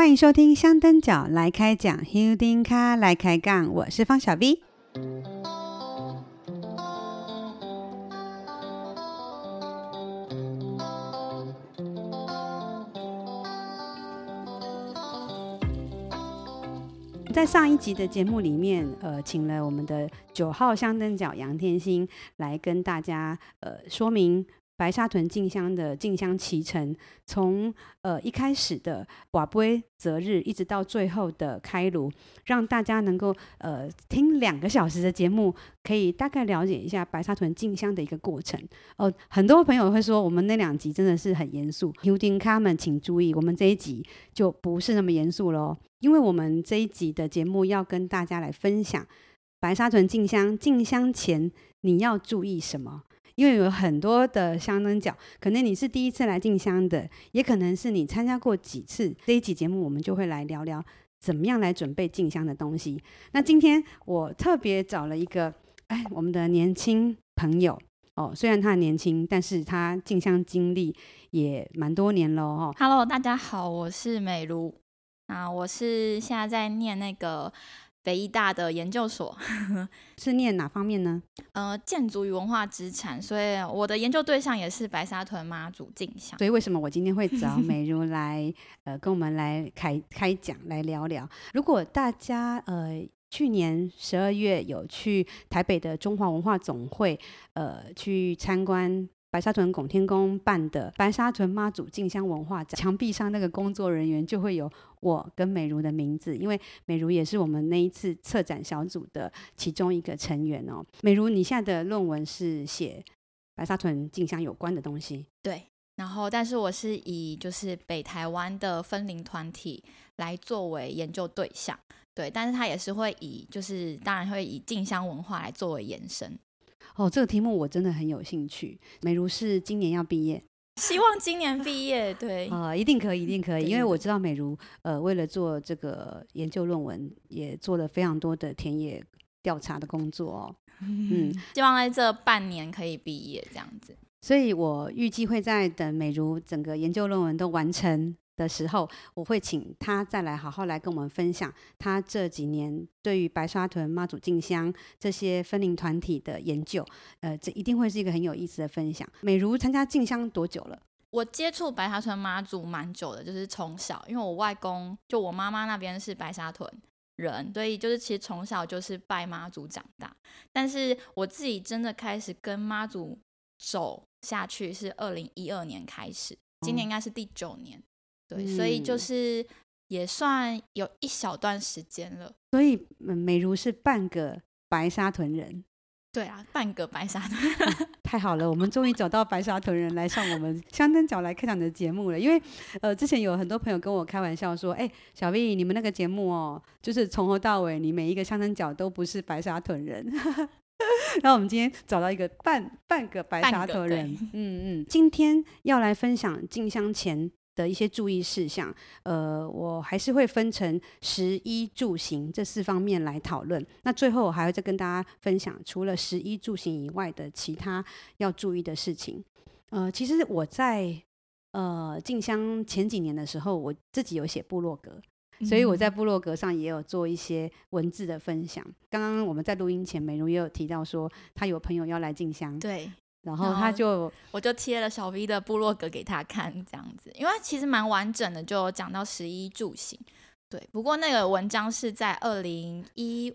歡迎收聽香燈腳來開講 Houdinca 來開槓，我是方小 V。 在上一集的節目裡面，呃，請了我們的九號香燈腳楊天心來跟大家呃說明。白沙屯進香的進香期程，從呃一開始的拔杯擇日，一直到最後的開爐，讓大家能夠呃聽兩個小時的節目，可以大概了解一下白沙屯進香的一個過程。哦、呃，很多朋友會說我們那兩集真的是很嚴肅。香燈腳們請注意，我們這一集就不是那麼嚴肅嘍，因為我們這一集的節目要跟大家來分享白沙屯進香，進香前你要注意什麼。因為有很多的香燈腳，可能你是第一次來進香的，也可能是你參加過幾次。這一期節目，我們就會來聊聊怎麼樣來準備進香的東西。那今天我特別找了一個，哎，我們的年輕朋友哦，雖然他年輕，但是他進香經歷也蠻多年了哈。Hello，大家好，我是美如啊，我是現在在念那個。北一大的研究所 是念哪方面呢？呃，建築與文化資產，所以我的研究對象也是白沙屯媽祖進香。所以為什麼我今天會找美汝來 呃跟我們來開開講來聊聊。如果大家呃去年十二月有去台北的中華文化總會呃去參觀。白沙屯拱天宮辦的白沙屯媽祖進香文化展，牆壁上那個工作人員就會有我跟美如的名字，因為美如也是我們那一次策展小組的其中一個成員哦。美如，你現在的論文是寫白沙屯進香有關的東西，對。然後，但是我是以就是北台灣的分靈團體來作為研究對象，對。但是它也是會以就是當然會以進香文化來作為延伸。哦，這個題目我真的很有興趣。美如是今年要畢業，希望今年畢業，對啊、 呃，一定可以，一定可以，因為我知道美如，呃，為了做這個研究論文，也做了非常多的田野調查的工作哦。嗯，希望在這半年可以畢業這樣子。所以我預計會在等美如整個研究論文都完成的時候，我會請他再來好好來跟我們分享他這幾年對於白沙屯媽祖進香這些分靈團體的研究。呃，這一定會是一個很有意思的分享。美如參加進香多久了？我接觸白沙屯媽祖蠻久的，就是從小，因為我外公就我媽媽那邊是白沙屯人，所以就是其實從小就是拜媽祖長大。但是我自己真的開始跟媽祖走下去是二零一二年開始，今年應該是第九年。嗯對嗯、所以就是也算有一小段時間了。所以美汝是半個白沙屯人。對啊，半個白沙屯人、 啊。太好了，我們終於找到白沙屯人 來上我們香燈腳來開講的節目了。因為呃，之前有很多朋友跟我開玩笑說，哎、欸，小碧，你們那個節目哦，就是從頭到尾，你每一個香燈腳都不是白沙屯人。那 我們今天找到一個半半個白沙屯人，嗯嗯，今天要來分享進香前。的一些注意事項，呃，我還是會分成食衣住行這四方面來討論。那最後我還會再跟大家分享，除了食衣住行以外的其他要注意的事情。呃，其實我在呃進香前幾年的時候，我自己有寫部落格，嗯嗯，所以我在部落格上也有做一些文字的分享。剛剛我們在錄音前，美如也有提到說，她有朋友要來進香，對。然後他就，然後我就貼了小 V 的部落格給他看，這樣子，因為其實蠻完整的，就講到食衣住行。對，不過那個文章是在二零一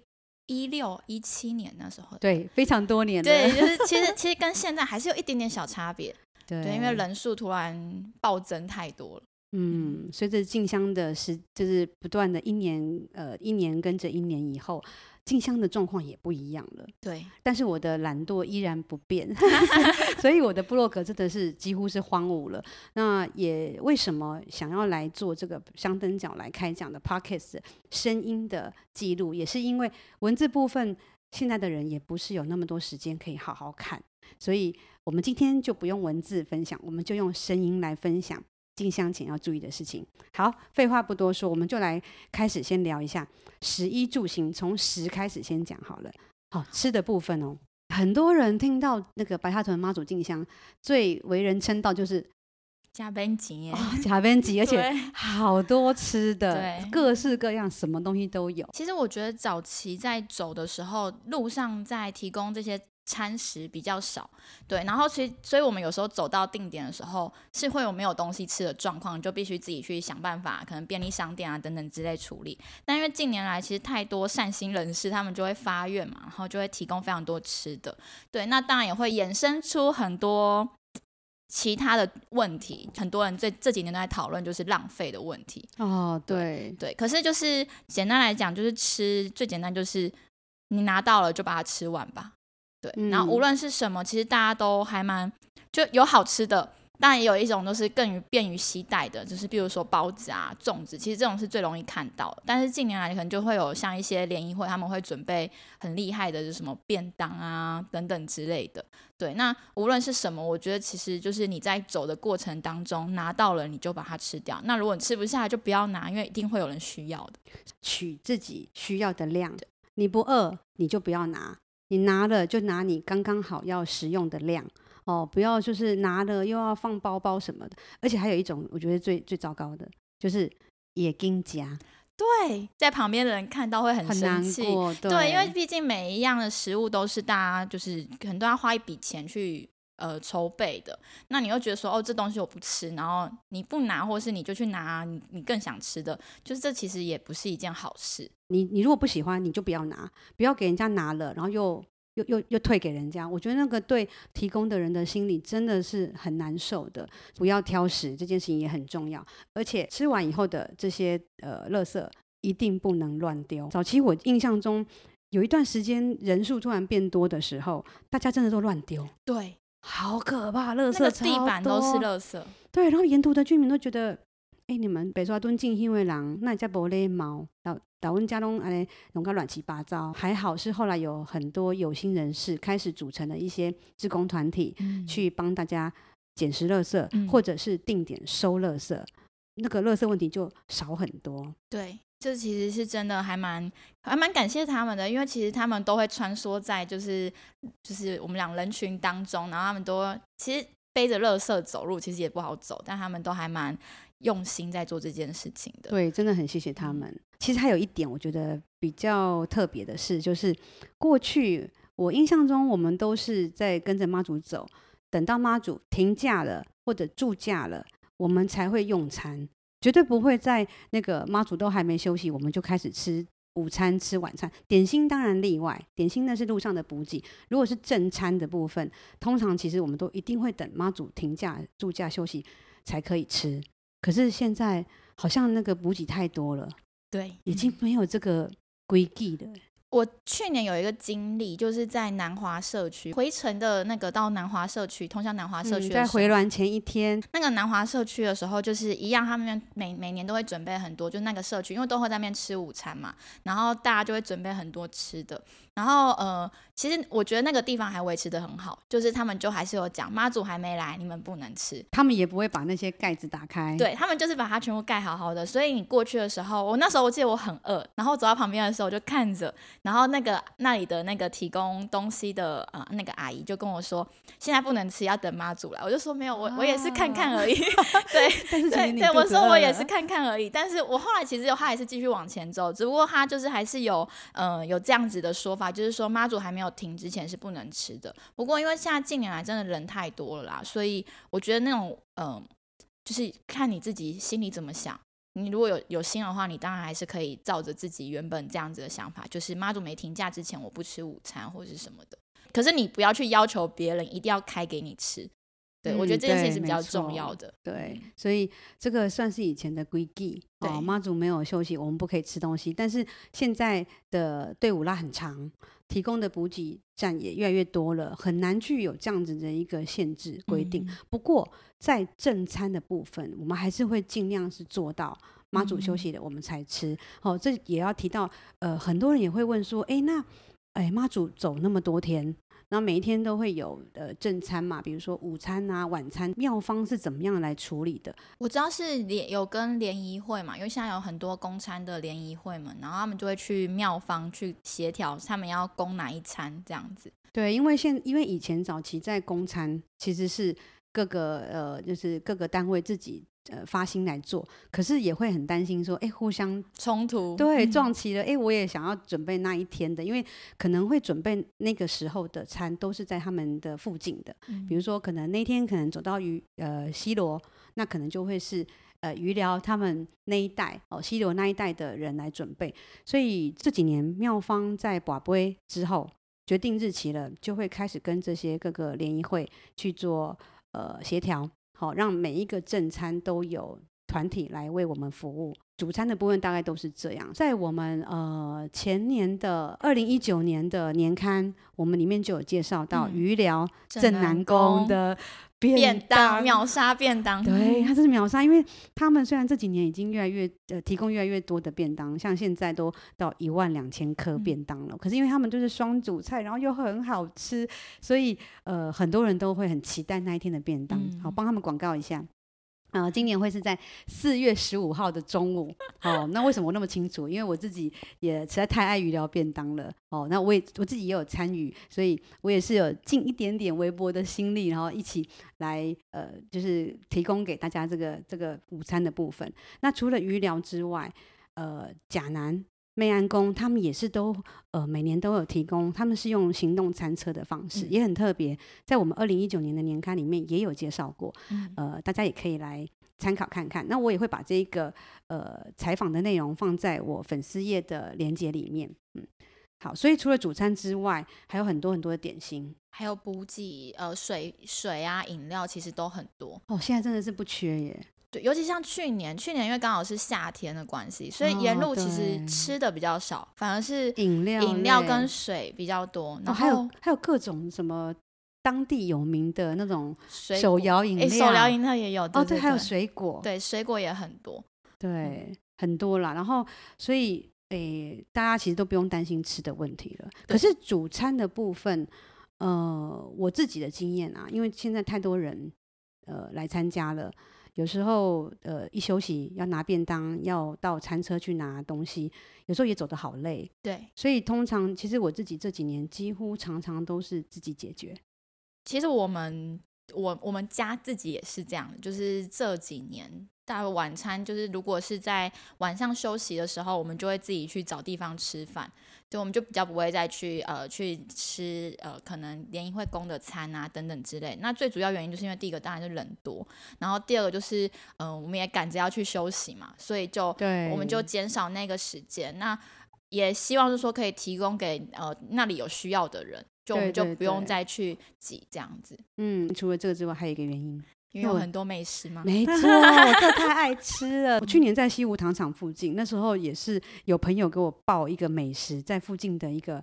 六、一七年那時候的，對，非常多年。對，就是其實其實跟現在還是有一點點小差別。 對，因為人數突然暴增太多了。嗯，隨着進香的時，就是不斷的一年，呃，一年跟着一年以後，進香的狀況也不一樣了。對，但是我的懶惰依然不變， 所以我的部落格真的是幾乎是荒蕪了。那也為什麼想要來做這個香燈腳來開講的 podcast 聲音的記錄，也是因為文字部分現在的人也不是有那麼多時間可以好好看，所以我們今天就不用文字分享，我們就用聲音來分享。進香前要注意的事情。好，廢話不多說，我們就來開始先聊一下食衣住行，從食開始先講好了。好、哦，吃的部分哦，很多人聽到那個白沙屯媽祖進香，最為人稱道就是加班級耶，哦、加班級，而且好多吃的，對各式各樣，什麼東西都有。其實我覺得早期在走的時候，路上在提供這些。餐食比較少，對，然後其實，所以我們有時候走到定點的時候，是會有沒有東西吃的狀況，就必須自己去想辦法，可能便利商店啊等等之類處理。但因為近年來其實太多善心人士，他們就會發願嘛，然後就會提供非常多吃的，對，那當然也會衍生出很多其他的問題。很多人這這幾年都在討論就是浪費的問題哦，對，對，對，可是就是簡單來講，就是吃最簡單就是你拿到了就把它吃完吧。對，嗯、然後無論是什麼，其實大家都還蠻就有好吃的，但也有一種都是更於便於攜帶的，就是比如說包子啊、粽子，其實這種是最容易看到。但是近年來可能就會有像一些聯誼會，他們會準備很厲害的，就是什麼便當啊等等之類的。對，那無論是什麼，我覺得其實就是你在走的過程當中拿到了，你就把它吃掉。那如果你吃不下，就不要拿，因為一定會有人需要的，取自己需要的量。對你不餓，你就不要拿。你拿了就拿你剛剛好要食用的量哦，不要就是拿了又要放包包什麼的，而且還有一種我覺得最最糟糕的，就是野丁夾，對，在旁邊的人看到會很生氣，難過對，對，因為畢竟每一樣的食物都是大家就是很多人要花一筆錢去。呃，籌備的，那你又覺得說，哦，這東西我不吃，然後你不拿，或是你就去拿你你更想吃的，就是這其實也不是一件好事。你你如果不喜歡，你就不要拿，不要給人家拿了，然後又又又又退給人家。我覺得那個對提供的人的心理真的是很難受的。不要挑食這件事情也很重要，而且吃完以後的這些呃垃圾一定不能亂丟。早期我印象中有一段時間人數突然變多的時候，大家真的都亂丟。對。好可怕！垃圾，地板都是垃圾。對，然後沿途的居民都覺得，哎，你們白沙屯進因為狼，那家伯勒貓，導導溫家東哎，弄個亂七八糟。還好是後來有很多有心人士開始組成了一些志工團體，嗯、去幫大家撿拾垃圾，嗯、或者是定點收垃圾，嗯、那個垃圾問題就少很多。對。這其實是真的，還蠻還蠻感謝他們的，因為其實他們都會穿梭在就是就是我們兩人群當中，然後他們都其實背着垃圾走路，其實也不好走，但他們都還蠻用心在做這件事情的。對，真的很謝謝他們。其實還有一點我覺得比較特別的是，就是過去我印象中我們都是在跟着媽祖走，等到媽祖停駕了或者駐駕了，我們才會用餐。絕對不會在那個媽祖都還沒休息，我們就開始吃午餐、吃晚餐。點心當然例外，點心那是路上的補給，如果是正餐的部分，通常其實我們都一定會等媽祖停駕、駐駕休息才可以吃。可是現在好像那個補給太多了，對，已經沒有這個規矩了。我去年有一個經歷，就是在南華社區回程的那個到南華社區，通向南華社區、嗯、在回鑾前一天，那個南華社區的時候，就是一樣，他們每每年都會準備很多，就那個社區，因為都會在那邊吃午餐嘛，然後大家就會準備很多吃的。然後呃，其實我覺得那個地方還維持的很好，就是他們就還是有講媽祖還沒來，你們不能吃。他們也不會把那些蓋子打開。對，他們就是把它全部蓋好好的。所以你過去的時候，我那時候我記得我很餓，然後走到旁邊的時候，我就看着，然後那個那裡的那個提供東西的啊、呃、那個阿姨就跟我說，現在不能吃，要等媽祖來。我就說沒有，我哇我也是看看而已。 對，對，對對我說我也是看看而已。但是我後來其實他還是繼續往前走，只不過他就是還是有呃有這樣子的說法。啊，就是說媽祖還沒有停之前是不能吃的。不過因為現在近年來真的人太多了啦，所以我覺得那種嗯、呃，就是看你自己心裡怎麼想。你如果有有心的話，你當然還是可以照着自己原本這樣子的想法，就是媽祖沒停駕之前我不吃午餐或是什麼的。可是你不要去要求別人一定要開給你吃。對，我覺得這些是比較重要的，嗯對。對，所以這個算是以前的規矩對哦，媽祖沒有休息，我們不可以吃東西。但是現在的隊伍拉很長，提供的補給站也越來越多了，很難去有這樣子的一個限制規定。嗯、不過在正餐的部分，我們還是會盡量是做到媽祖休息的，我們才吃。嗯、哦，這也要提到，呃，很多人也會問說，誒、欸，那欸、媽祖走那麼多天？然後每一天都會有呃正餐嘛，比如說午餐啊、晚餐，廟方是怎麼樣來處理的？我知道是聯有跟聯誼會嘛，因為現在有很多公餐的聯誼會們，然後他們就會去廟方去協調，他們要供哪一餐這樣子。對，因為現因為以前早期在公餐其實是各個呃就是各個單位自己。呃，發心來做，可是也會很擔心，說，哎、欸，互相衝突，對，撞期了。哎、欸，我也想要準備那一天的，嗯、因為可能會準備那個時候的餐，都是在他們的附近的，嗯、比如說，可能那天可能走到魚，呃，西螺，那可能就會是呃，魚寮他們那一帶，哦、呃，西螺那一帶的人來準備，所以這幾年廟方在拔杯之後決定日期了，就會開始跟這些各個聯誼會去做呃協調。好，讓每一個正餐都有團體來為我們服務。主餐的部分大概都是這樣，在我們呃前年的二零一九年的年刊，我們裡面就有介紹到漁寮正南宮的便當秒殺、嗯、便當，便當對，它就是秒殺，因為他們雖然這幾年已經越來越呃提供越來越多的便當，像現在都到一萬兩千顆便當了，嗯，、可是因為他們就是雙主菜，然後又很好吃，所以呃很多人都會很期待那一天的便當，嗯、好幫他們廣告一下。啊、哦，今年會是在四月十五號的中午，哦，那為什麼我那麼清楚？因為我自己也實在太愛魚寮便當了，哦，那我也我自己也有參與，所以我也是有盡一點點微薄的心力，然後一起來，呃，就是提供給大家這個這個午餐的部分。那除了魚寮之外，呃，賈南。美安宮他們也是都呃每年都有提供，他們是用行動餐車的方式，嗯、也很特別，在我們二零一九年的年刊裡面也有介紹過，嗯、呃，大家也可以來參考看看。那我也會把這一個呃採訪的內容放在我粉絲頁的鏈接裡面。嗯，好，所以除了主餐之外，還有很多很多的點心，還有補給，呃，水水啊，飲料其實都很多哦，現在真的是不缺耶。對，尤其像去年，去年因為剛好是夏天的關係，所以沿路其實吃的比較少，哦、反而是飲料、飲料跟水比較多，然後、哦、還有還有各種什麼當地有名的那種手搖飲料，手搖飲料也有哦，對，還有水果，對，水果也很多，對，很多啦。然後所以誒，大家其實都不用擔心吃的問題了。對，可是主餐的部分，呃，我自己的經驗啊，因為現在太多人呃來參加了。有時候，呃，一休息要拿便當，要到餐車去拿東西，有時候也走得好累。對，所以通常其實我自己這幾年幾乎常常都是自己解決。其實我們我我們家自己也是這樣，就是這幾年。大家晚餐就是，如果是在晚上休息的時候，我們就會自己去找地方吃飯，就我們就比較不會再去呃去吃呃可能聯誼會供的餐啊等等之類。那最主要原因就是因為第一個當然是人多，然後第二個就是嗯、呃、我們也趕着要去休息嘛，所以就我們就減少那個時間。對那也希望就是說可以提供給呃那裡有需要的人，就我們就不用再去擠這樣子對對對。嗯，除了這個之外，還有一個原因。因為有很多美食嘛，沒錯，我這太愛吃了。 我去年在西湖糖廠附近，那時候也是有朋友給我報一個美食，在附近的一個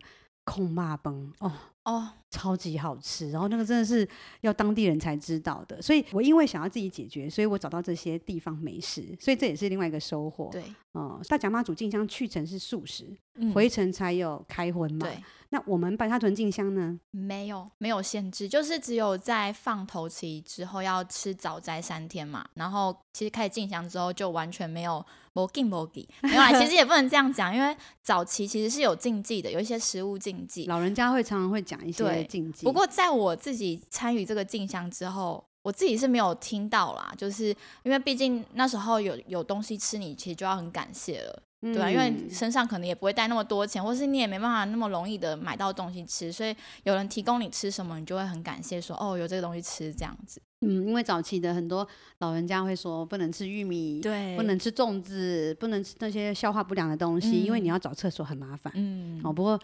焢肉飯哦。哦，超級好吃，然後那個真的是要當地人才知道的，所以我因為想要自己解決，所以我找到這些地方美食，所以這也是另外一個收穫。對，哦、呃，大甲媽祖進香去程是素食，嗯、回程才有開葷嘛。對，那我們白沙屯進香呢？沒有，沒有限制，就是只有在放頭期之後要吃早齋三天嘛。然後其實開始進香之後就完全沒有，無禁無忌，沒有啊。 其實也不能這樣講，因為早期其實是有禁忌的，有一些食物禁忌，老人家會常常會。講一些禁忌。不過，在我自己參與這個進香之後，我自己是沒有聽到啦。就是因為畢竟那時候有有東西吃，你其實就要很感謝了，嗯、對吧、啊？因為身上可能也不會帶那麼多錢，或是你也沒辦法那麼容易的買到東西吃，所以有人提供你吃什麼，你就會很感謝說，說，哦，有這個東西吃這樣子。嗯，因為早期的很多老人家會說不能吃玉米，對，不能吃粽子，不能吃那些消化不良的東西，嗯、因為你要找廁所很麻煩。嗯，哦，不過，誒。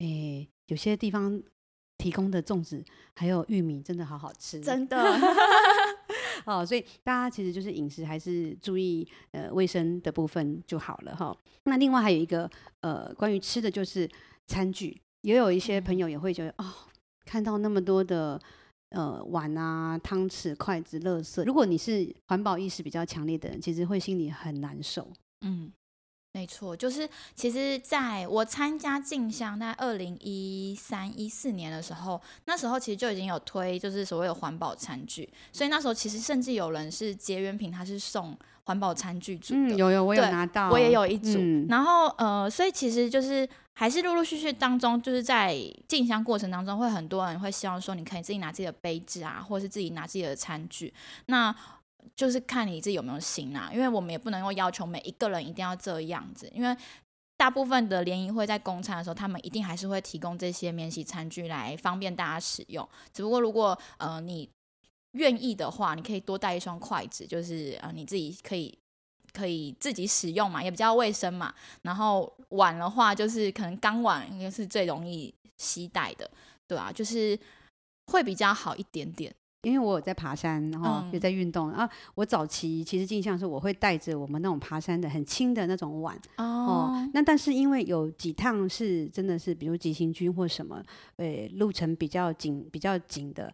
欸有些地方提供的粽子還有玉米真的好好吃，真的。 哦，所以大家其實就是飲食還是注意呃衛生的部分就好了哈。那另外還有一個呃關於吃的就是餐具，也有一些朋友也會覺得哦，看到那麼多的呃碗啊、湯匙、筷子、垃圾，如果你是環保意識比較強烈的人，其實會心裡很難受。嗯。沒錯，就是其實在我參加進香在二零一三一四年的時候，那時候其實就已經有推，就是所謂的環保餐具，所以那時候其實甚至有人是結緣品，他是送環保餐具組的，嗯、有有我也有拿到，我也有一組。嗯、然後呃，所以其實就是還是陸陸續續當中，就是在進香過程當中，會很多人會希望說，你可以自己拿自己的杯子啊，或者是自己拿自己的餐具。那就是看你自己有沒有心啊，因為我們也不能夠要求每一個人一定要這樣子，因為大部分的聯誼會在公餐的時候，他們一定還是會提供這些免洗餐具來方便大家使用。只不過如果呃你願意的話，你可以多帶一雙筷子，就是呃你自己可以可以自己使用嘛，也比較衛生嘛。然後碗的話，就是可能鋼碗應該是最容易攜帶的，對啊，就是會比較好一點點。因為我有在爬山然後，又在運動啊。我早期其實印象是，我會帶着我們那種爬山的很輕的那種碗哦，哦。那但是因為有幾趟是真的是，比如急行軍或什麼，呃、哎，路程比較緊，比較緊的，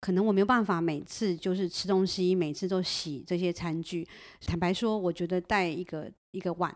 可能我沒有辦法每次就是吃東西，每次都洗這些餐具。坦白說，我覺得帶一個一個碗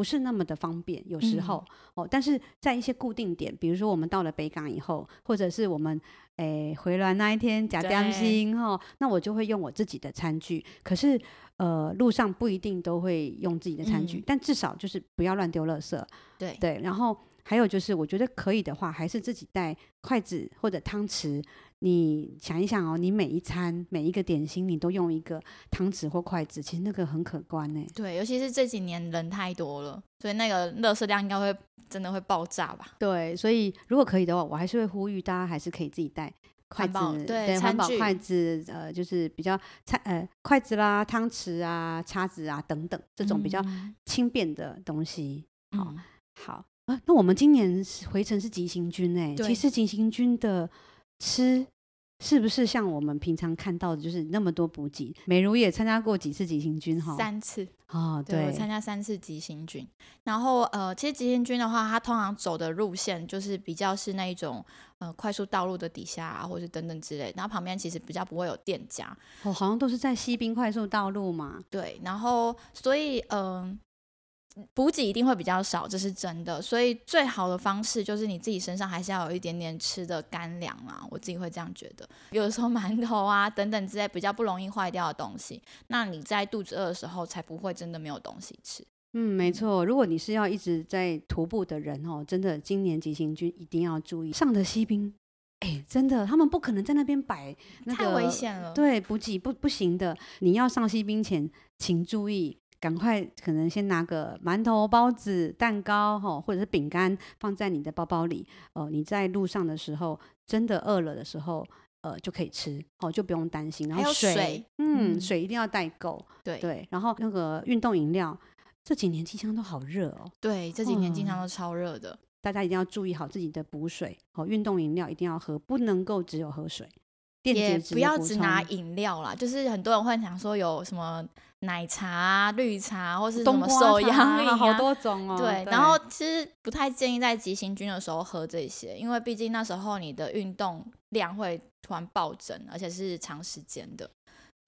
不是那麼的方便，有時候、嗯、哦，但是在一些固定點，比如說我們到了北港以後，或者是我們誒、欸、回來那一天假點心對、哦、那我就會用我自己的餐具。可是呃路上不一定都會用自己的餐具，嗯、但至少就是不要亂丟垃圾。對對，然後還有就是，我覺得可以的話，還是自己帶筷子或者湯匙。你想一想哦，你每一餐每一個點心，你都用一個湯匙或筷子，其實那個很可觀呢、欸。對，尤其是這幾年人太多了，所以那個垃圾量應該會真的會爆炸吧？對，所以如果可以的話，我還是會呼籲大家還是可以自己帶筷子、環保對，對餐具、環保筷子，呃，就是比較菜呃，筷子啦、湯匙啊、叉子啊等等這種比較輕便的東西。好，好啊，那我們今年是回程是急行軍誒、欸，對其實急行軍的。吃是不是像我們平常看到的，就是那麼多補給？美如也參加過幾次急行軍哈，三次啊、哦，對，參加三次急行軍。然後呃，其實急行軍的話，它通常走的路線就是比較是那一種呃快速道路的底下啊，或是等等之類。然後旁邊其實比較不會有店家，哦，好像都是在西濱快速道路嘛。對，然後所以嗯。呃補給一定會比較少，這是真的。所以最好的方式就是你自己身上還是要有一點點吃的乾糧啊。我自己會這樣覺得，有時候饅頭啊等等之類比較不容易壞掉的東西，那你在肚子餓的時候才不會真的沒有東西吃。嗯，沒錯。如果你是要一直在徒步的人哦，真的今年急行軍一定要注意上的西濱，哎、欸，真的他們不可能在那邊擺、那個，太危險了。對，補給不不行的，你要上西濱前請注意。趕快，可能先拿個饅頭、包子、蛋糕，喔、或者是餅乾放在你的包包裡，哦、呃，你在路上的時候，真的餓了的時候，呃，就可以吃，哦、喔，就不用擔心。然後水，水嗯，嗯水一定要帶夠。嗯、對，對然後那個運動飲料，這幾年經常都好熱哦、喔。對，這幾年經常都超熱的、嗯，大家一定要注意好自己的補水，哦、喔，運動飲料一定要喝，不能夠只有喝水。電解質也不要只拿飲料啦，就是很多人會想說有什麼。奶茶、啊、綠茶、啊，或是什麼壽陽、啊、好多種哦。對，對然後其實不太建議在急行軍的時候喝這些，因為畢竟那時候你的運動量會突然暴增，而且是長時間的。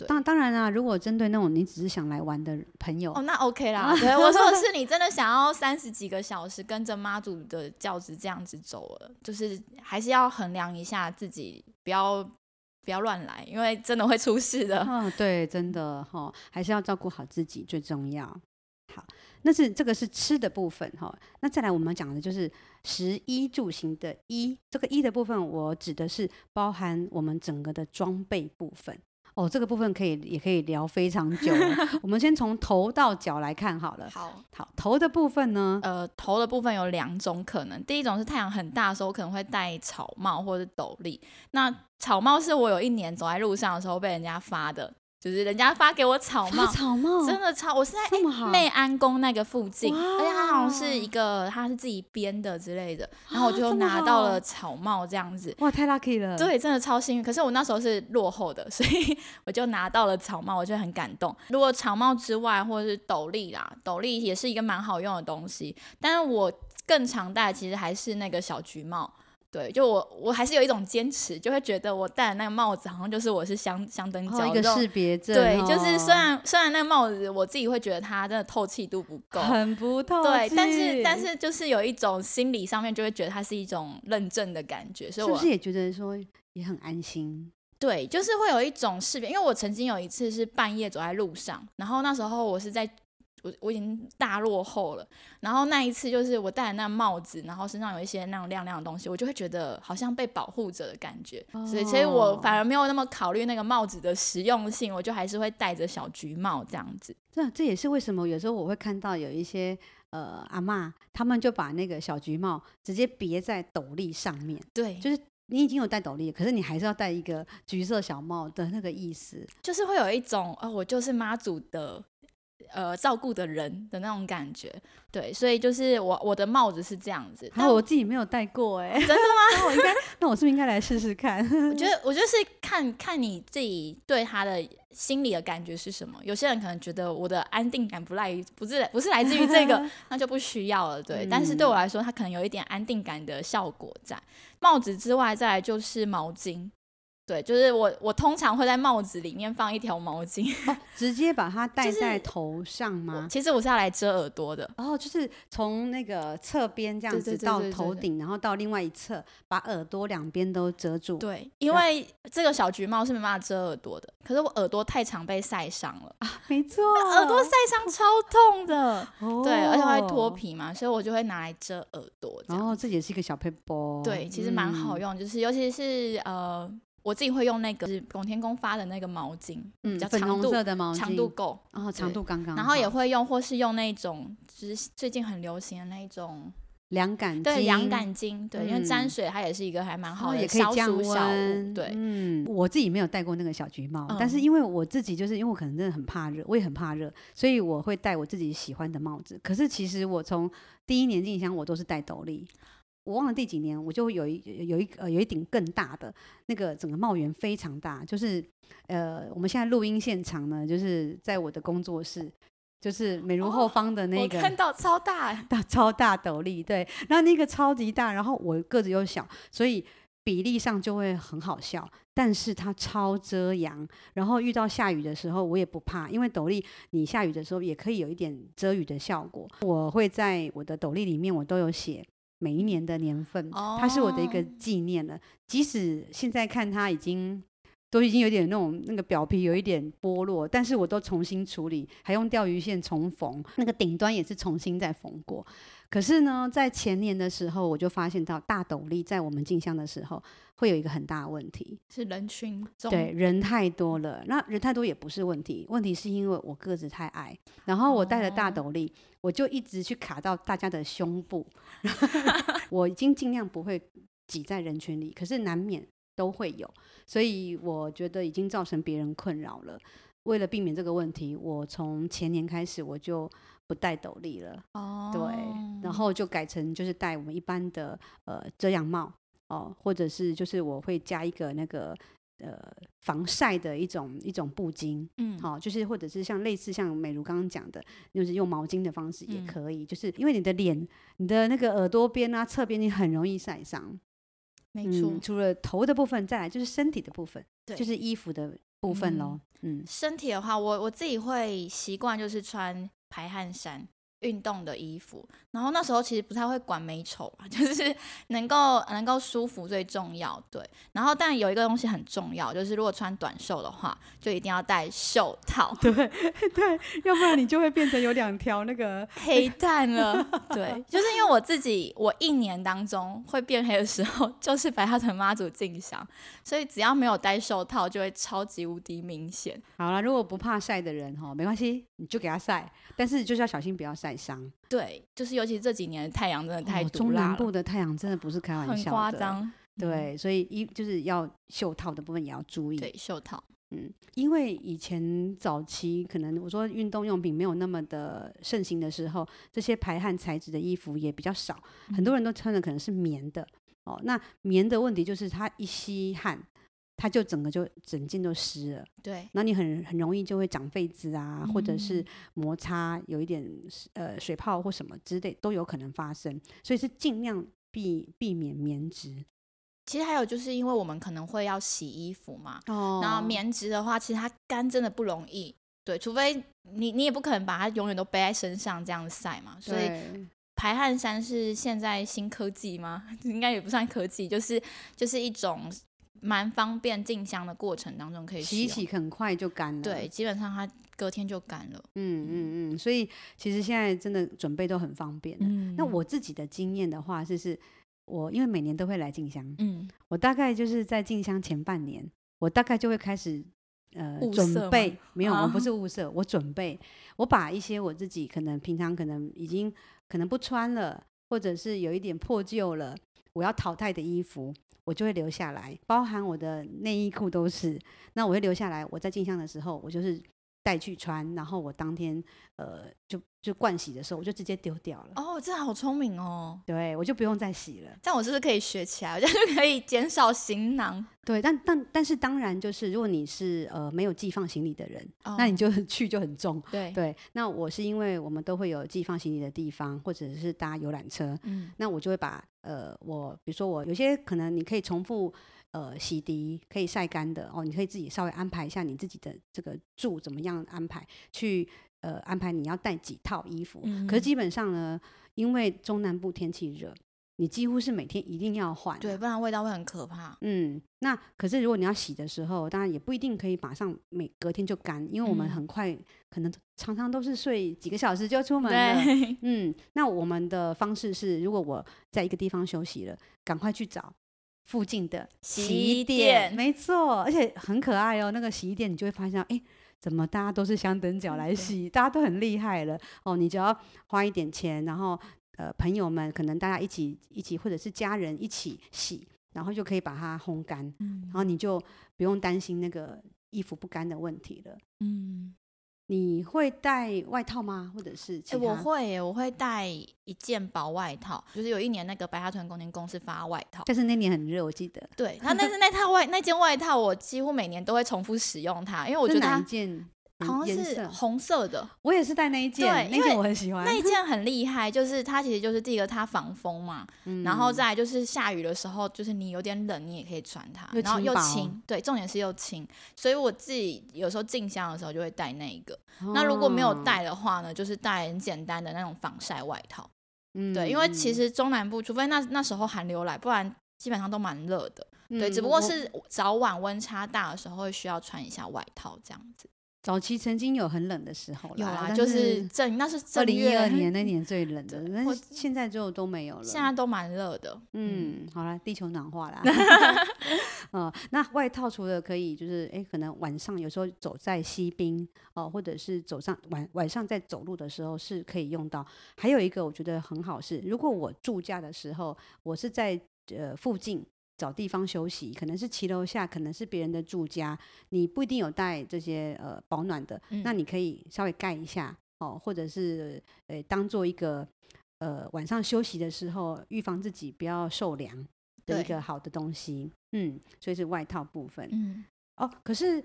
當當然啦、啊，如果針對那種你只是想來玩的朋友，哦、那 OK 啦。 對，我說的是你真的想要三十幾個小時跟着媽祖的轎子這樣子走了，就是還是要衡量一下自己，不要。不要亂來，因為真的會出事的。嗯、啊，對，真的哈，還是要照顧好自己最重要。好，那是這個是吃的部分哈。那再來我們講的就是食衣住行的衣，這個衣的部分，我指的是包含我們整個的裝備部分。哦，這個部分可以，也可以聊非常久。 我們先從頭到腳來看好了。好好，頭的部分呢？呃，頭的部分有兩種可能。第一種是太陽很大的時候，我可能會戴草帽或者斗笠。那草帽是我有一年走在路上的時候被人家發的。就是人家發給我草帽，草帽真的超，我是在、欸、內安宮那個附近，哇而且它好像是一個，它是自己編的之類的，哇然後我就拿到了草帽這樣子，哇，太 lucky 了，對，真的超幸運。可是我那時候是落後的，所以我就拿到了草帽，我就很感動。如果草帽之外，或者是斗笠啦，斗笠也是一個蠻好用的東西，但是我更常戴其實還是那個小橘帽。對，就我我還是有一種堅持，就會覺得我戴的那個帽子，好像就是我是香香燈腳、哦。一個識別證、哦、對，就是雖然雖然那個帽子我自己會覺得它真的透氣度不夠，很不透氣。對，但是但是就是有一種心理上面就會覺得它是一種認證的感覺，所以我是是也覺得說也很安心。對，就是會有一種識別，因為我曾經有一次是半夜走在路上，然後那時候我是在。我我已經大落後了。然後那一次就是我戴了那帽子，然後身上有一些那種亮亮的東西，我就會覺得好像被保護着的感覺。哦、所以，所以，我反而沒有那麼考慮那個帽子的實用性，我就還是會戴着小橘帽這樣子。對，這也是為什麼有時候我會看到有一些呃阿嬤他們就把那個小橘帽直接別在斗笠上面。對，就是你已經有戴斗笠，可是你還是要戴一個橘色小帽的那個意思，就是會有一種呃、哦，我就是媽祖的。呃，照顧的人的那種感覺，對，所以就是我我的帽子是這樣子，好那我，我自己沒有戴過。欸，哎、哦，真的嗎？ 那我應該，那我是不是應該來試試看？ 我覺得我就是看看你自己對他的心理的感覺是什麼。有些人可能覺得我的安定感不來於，不是不是來自於這個， 那就不需要了，對。嗯、但是對我來說，它可能有一點安定感的效果在帽子之外，再來就是毛巾。對，就是我，我通常會在帽子裡面放一條毛巾。哦，直接把它戴在頭上嗎？其實我是要來遮耳朵的，然後就是從那個側邊這樣子到頭頂，然後到另外一側，把耳朵兩邊都遮住。對，因為這個小橘帽是沒辦法遮耳朵的，可是我耳朵太常被曬傷了啊。沒錯，耳朵曬傷超痛的，對，而且會脫皮嘛，所以我就會拿來遮耳朵。然後這也是一個小撇步，對，其實蠻好用，就是尤其是呃。我自己會用那個、就是拱天宮發的那個毛巾，嗯，粉紅色的毛巾，長度夠，然後、哦、長度剛剛好。然後也會用，或是用那種就是最近很流行的那種涼感巾，對，涼感巾，對，因為沾水它也是一個還蠻好的，也可以降溫，對。嗯，我自己沒有戴過那個小橘帽，嗯、但是因為我自己就是因為我可能真的很怕熱，我也很怕熱，所以我會戴我自己喜歡的帽子。可是其實我從第一年進香我都是戴斗笠。我忘了第幾年，我就有一有，有一個，呃，有一頂更大的，那個整個帽檐非常大，就是呃，我們現在錄音現場呢，就是在我的工作室，就是美汝後方的那個，哦，我看到超大大超大斗笠，對，那那個超級大，然後我個子又小，所以比例上就會很好笑，但是它超遮陽，然後遇到下雨的時候我也不怕，因為斗笠你下雨的時候也可以有一點遮雨的效果，我會在我的斗笠裡面我都有寫。每一年的年份，它是我的一個紀念了。Oh. 即使現在看它已經，都已經有點那種那個表皮有一點剝落，但是我都重新處理，還用釣魚線重縫，那個頂端也是重新再縫過。可是呢，在前年的時候，我就發現到大斗笠在我們進香的時候會有一個很大的問題，是人群中對人太多了，那人太多也不是問題，問題是因為我個子太矮，然後我戴了大斗笠，哦、我就一直去卡到大家的胸部。 然後我已經盡量不會擠在人群裡，可是難免。都會有，所以我覺得已經造成別人困擾了。為了避免這個問題，我從前年開始我就不戴斗笠了。哦，對，然後就改成就是戴我們一般的呃遮陽帽哦，或者是就是我會加一個那個呃防曬的一種一種布巾。嗯，好、哦，就是或者是像類似像美汝剛剛講的，就是用毛巾的方式也可以。嗯、就是因為你的臉、你的那個耳朵邊啊、側邊，你很容易曬傷。嗯、沒錯除了頭的部分，再來就是身體的部分，對就是衣服的部分咯。嗯，嗯身體的話，我我自己會習慣就是穿排汗衫。運動的衣服，然後那時候其實不太會管美醜，就是能夠能夠舒服最重要，對。然後但有一個東西很重要，就是如果穿短袖的話，就一定要戴袖套，對對，要不然你就會變成有兩條、那個、 那個黑炭了。 對，就是因為我自己，我一年當中會變黑的時候，就是白沙屯的媽祖進香，所以只要沒有戴袖套，就會超級無敵明顯。好了，如果不怕曬的人哈，沒關係。你就給它曬，但是就是要小心，不要曬傷。對，就是尤其這幾年的太陽真的太毒辣了，哦。中南部的太陽真的不是開玩笑的，很誇張。對，所以一就是要袖套的部分也要注意。對，袖套，嗯，因為以前早期可能我說運動用品沒有那麼的盛行的時候，這些排汗材質的衣服也比較少，很多人都穿的可能是棉的。嗯、哦，那棉的問題就是它一吸汗。它就整個就整件都濕了，對，那你很很容易就會長痱子啊，嗯、或者是摩擦有一點呃水泡或什麼，之類都有可能發生，所以是儘量避避免棉質。其實還有就是因為我們可能會要洗衣服嘛，哦，那棉質的話，其實它乾真的不容易，對，除非你你也不可能把它永遠都背在身上這樣曬嘛，所以對排汗衫是現在新科技嗎？ 應該也不算科技，就是就是一種。蠻方便，進香的過程當中可以洗一洗，很快就乾了。對，基本上它隔天就乾了嗯。嗯嗯嗯，所以其實現在真的準備都很方便。嗯，那我自己的經驗的話，就是我因為每年都會來進香，嗯，我大概就是在進香前半年，我大概就會開始呃物準備，沒有，我不是物色，啊，我準備，我把一些我自己可能平常可能已經可能不穿了，或者是有一點破舊了，我要淘汰的衣服，我就會留下來，包含我的內衣褲都是。那我會留下來，我在進香的時候，我就是，帶去穿，然後我當天呃就就盥洗的時候，我就直接丟掉了。哦，這好聰明哦！對，我就不用再洗了。這樣我是不是可以學起來？我這樣就可以減少行囊。對，但但但是當然，就是如果你是呃沒有寄放行李的人，哦、那你就去就很重。對對，那我是因為我們都會有寄放行李的地方，或者是搭遊覽車，嗯，那我就會把呃我比如說我有些可能你可以重複。呃，洗滌可以曬乾的哦，你可以自己稍微安排一下你自己的這個住怎麼樣安排，去呃安排你要帶幾套衣服。嗯嗯。可是基本上呢，因為中南部天氣熱，你幾乎是每天一定要換啊。對，不然味道會很可怕。嗯。那可是如果你要洗的時候，當然也不一定可以馬上每隔天就乾，因為我們很快、嗯、可能常常都是睡幾個小時就出門了。對。嗯。那我們的方式是，如果我在一個地方休息了，趕快去找。附近的洗衣店，洗衣店，沒錯，而且很可愛哦。那個洗衣店，你就會發現，哎，怎麼大家都是香燈腳來洗？嗯對，大家都很厲害了哦。你只要花一點錢，然後呃，朋友們可能大家一起一起，或者是家人一起洗，然後就可以把它烘乾，嗯嗯，然後你就不用擔心那個衣服不乾的問題了。嗯。你會帶外套嗎？或者是？哎、欸，我會，我會帶一件薄外套。嗯、就是有一年那個白沙屯供電公司發外套，但是那年很熱，我記得。對，然後但是那套外 那件外套，我幾乎每年都會重複使用它，因為我覺得。是哪一件？好像是紅色的，色我也是戴那一件，那件我很喜歡。那一件很厲害， 就是它其實就是第一個，它防風嘛，嗯、然後再來就是下雨的時候，就是你有點冷，你也可以穿它，然後又輕，對，重點是又輕，所以我自己有時候進香的時候就會帶那一個。哦、那如果沒有帶的話呢，就是帶很簡單的那種防曬外套，嗯、對，因為其實中南部，除非那那時候寒流來，不然基本上都蠻熱的，對，嗯、只不過是早晚溫差大的時候會需要穿一下外套這樣子。早期曾經有很冷的時候有啊啦，就是正那是二零一二年那年最冷的。那 我現在就都沒有了。現在都蠻熱的，嗯，好啦，地球暖化啦、 呃。那外套除了可以就是，哎、欸，可能晚上有時候走在西濱哦、呃，或者是走上晚晚上在走路的時候是可以用到。還有一個我覺得很好是，如果我住家的時候，我是在呃附近。找地方休息，可能是騎樓下，可能是別人的住家，你不一定有帶這些呃保暖的，嗯、那你可以稍微蓋一下哦，或者是呃、欸、當做一個呃晚上休息的時候，預防自己不要受涼的一個好的東西，對嗯，所以是外套部分，嗯、哦，可是誒、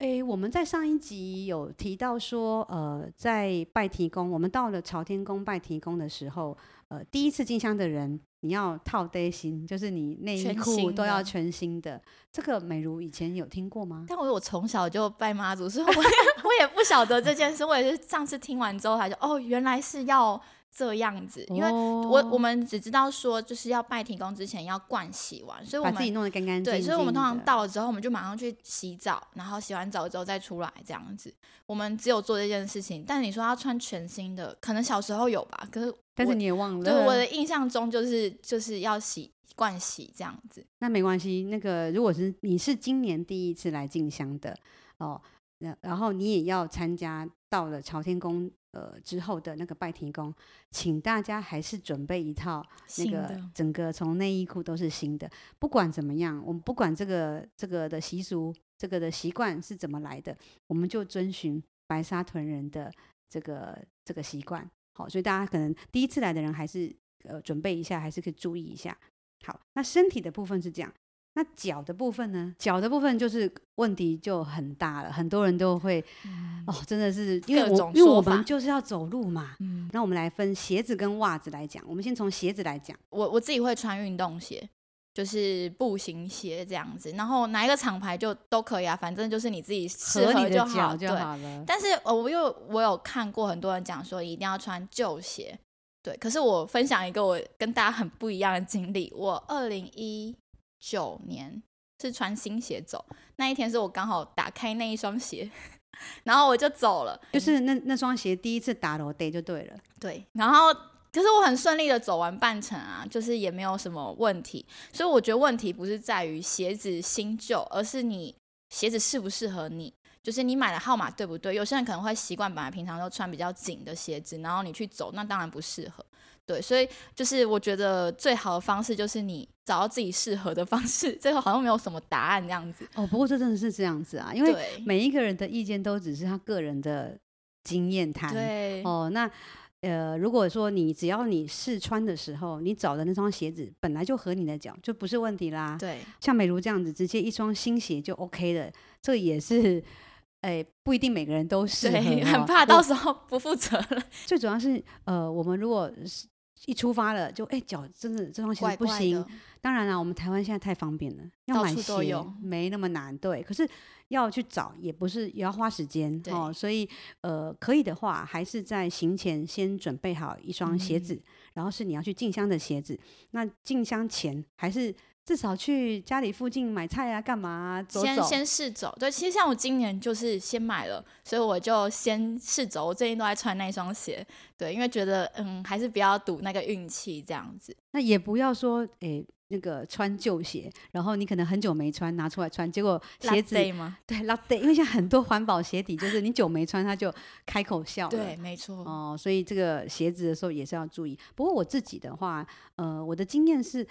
欸，我們在上一集有提到說，呃，在拜提公，我們到了朝天宮拜提公的時候。呃，第一次進香的人，你要套背心，就是你內衣褲都要全新的。新的。這個美如以前有聽過嗎？但我我從小就拜媽祖，所以我， 我也不曉得這件事。我也是上次聽完之後還，他就哦，原來是要。這樣子，因為我、哦、我們只知道說，就是要拜天公之前要盥洗完，所以我們把自己弄得乾乾淨淨。對，所以我們通常到了之後，我們就馬上去洗澡，然後洗完澡之後再出來這樣子。我們只有做這件事情。但你說要穿全新的，可能小時候有吧，可是但是你也忘了、啊。對，我的印象中就是就是要洗盥洗這樣子。那沒關係，那個如果是你是今年第一次來進香的哦，然後你也要參加到了朝天宮。呃，之後的那個拜天公，請大家還是準備一套那個整個從內衣褲都是新的。新的。不管怎麼樣，我們不管這個這個的習俗，這個的習慣是怎麼來的，我們就遵循白沙屯人的這個這個習慣。好，所以大家可能第一次來的人，還是呃準備一下，還是可以注意一下。好，那身體的部分是這樣。那腳的部分呢？腳的部分就是問題就很大了，很多人都會、嗯、哦，真的是因為我法因為我們就是要走路嘛。嗯，那我們來分鞋子跟襪子來講。我們先從鞋子來講。我我自己會穿運動鞋，就是步行鞋這樣子，然後哪一個廠牌就都可以啊，反正就是你自己適合就好。合你的腳就好了。但是哦，我又我有看過很多人講說一定要穿舊鞋，對。可是我分享一個我跟大家很不一樣的經歷，我二零一。九年是穿新鞋走，那一天是我剛好打開那一雙鞋， 然後我就走了。就是那那雙鞋第一次打落地就對了。對，然後可是我很順利的走完半程啊，就是也沒有什麼問題。所以我覺得問題不是在於鞋子新舊，而是你鞋子適不適合你。就是你買的號碼對不對？有些人可能會習慣把它平常都穿比較緊的鞋子，然後你去走，那當然不適合。對，所以就是我覺得最好的方式就是你找到自己適合的方式。最後好像沒有什麼答案這樣子哦。不過這真的是這樣子啊，因為每一個人的意見都只是他個人的經驗談。對哦，那呃，如果說你只要你試穿的時候，你找的那雙鞋子本來就合你的腳就不是問題啦。對，像美如這樣子，直接一雙新鞋就 OK 的，這也是誒、哎、不一定每個人都是。對，哦、很怕到時候不負責了。最主要是呃，我們如果是。一出發了就哎、腳、欸、真的這雙鞋子不行，怪怪當然了。啊，我們台灣現在太方便了，要買鞋沒那麼難，對。可是要去找也不是，也要花時間對哦，所以呃，可以的話，還是在行前先準備好一雙鞋子，嗯、然後是你要去進香的鞋子。那進香前還是？至少去家裡附近買菜啊，啊，幹嘛？先先試走，對。其實像我今年就是先買了，所以我就先試走，我最近都在穿那雙鞋，對，因為覺得嗯，還是不要賭那個運氣這樣子。那也不要說誒、欸，那個穿舊鞋，然後你可能很久沒穿拿出來穿，結果鞋子嗎對，拉低。因為像很多環保鞋底，就是你久沒穿，它 就開口笑對，沒錯。哦、呃，所以這個鞋子的時候也是要注意。不過我自己的話，呃，我的經驗是。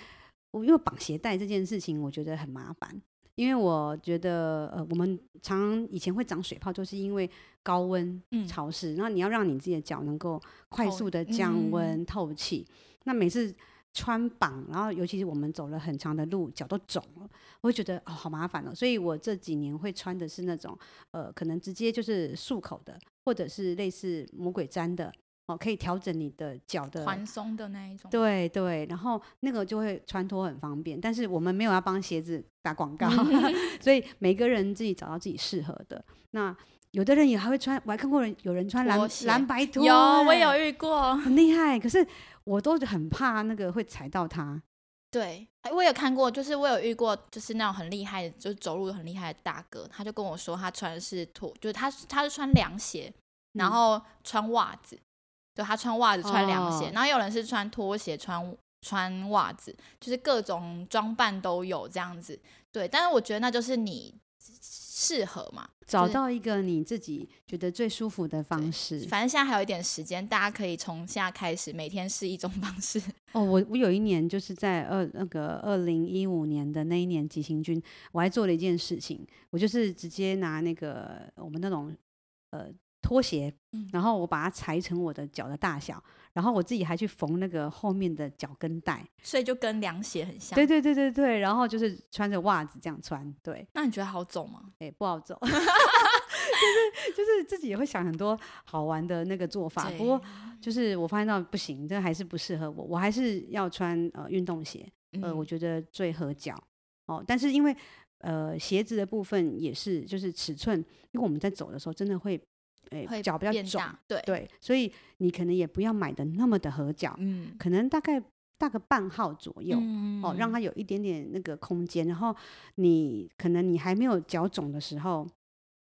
我因為綁鞋帶這件事情，我覺得很麻煩，因為我覺得呃，我們常以前會長水泡，就是因為高溫、嗯、潮濕，然後你要讓你自己的腳能夠快速的降溫、哦、嗯嗯透氣，那每次穿綁，然後尤其是我們走了很長的路，腳都腫了，我會覺得哦好麻煩哦。所以我這幾年會穿的是那種呃，可能直接就是束口的，或者是類似魔鬼氈的。哦，可以調整你的腳的寬鬆的那一種，對對，然後那個就會穿脫很方便，但是我們沒有要幫鞋子打廣告， 所以每個人自己找到自己適合的。那有的人也還會穿，我還看過人有人穿藍鞋藍白拖，有我有遇過，哦，很厲害。可是我都很怕那個會踩到他。對，欸，我有看過，就是我有遇過，就是那種很厲害的，就是走路很厲害的大哥，他就跟我說他穿的是拖，就是他他是穿涼鞋，然後穿襪子。嗯就他穿襪子穿涼鞋，哦、然後有人是穿拖鞋穿穿襪子，就是各種裝扮都有這樣子。對，但是我覺得那就是你適合嘛，就是，找到一個你自己覺得最舒服的方式。反正現在還有一點時間，大家可以從現在開始每天試一種方式。哦，我我有一年就是在二那個二零一五年的那一年急行軍，我還做了一件事情，我就是直接拿那個我們那種呃。拖鞋，然後我把它裁成我的腳的大小，嗯、然後我自己還去縫那個後面的腳跟帶，所以就跟涼鞋很像。對對對對對，然後就是穿着襪子這樣穿，對。那你覺得好走嗎？哎、欸，不好走， 就是就是自己也會想很多好玩的那個做法，對不過就是我發現到不行，這還是不適合我，我還是要穿呃運動鞋，呃、嗯、我覺得最合腳。哦，但是因為呃鞋子的部分也是就是尺寸，因為我們在走的時候真的會。誒，欸、會 腳比較腫，對，對，所以你可能也不要買的那麼的合腳，嗯、可能大概大個半號左右，嗯、哦，讓它有一點點那個空間。然後你可能你還沒有腳腫的時候，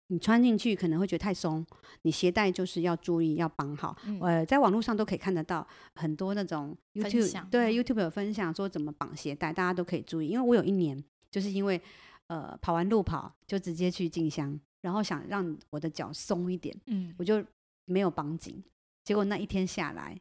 你穿進去可能會覺得太鬆。你鞋帶就是要注意要綁好，嗯、呃，在網絡上都可以看得到很多那種 YouTube，享對 YouTube 有分享說怎麼綁鞋帶，大家都可以注意。因為我有一年就是因為呃跑完路跑就直接去進香，然後想讓我的腳鬆一點，嗯，我就沒有綁緊，結果那一天下來，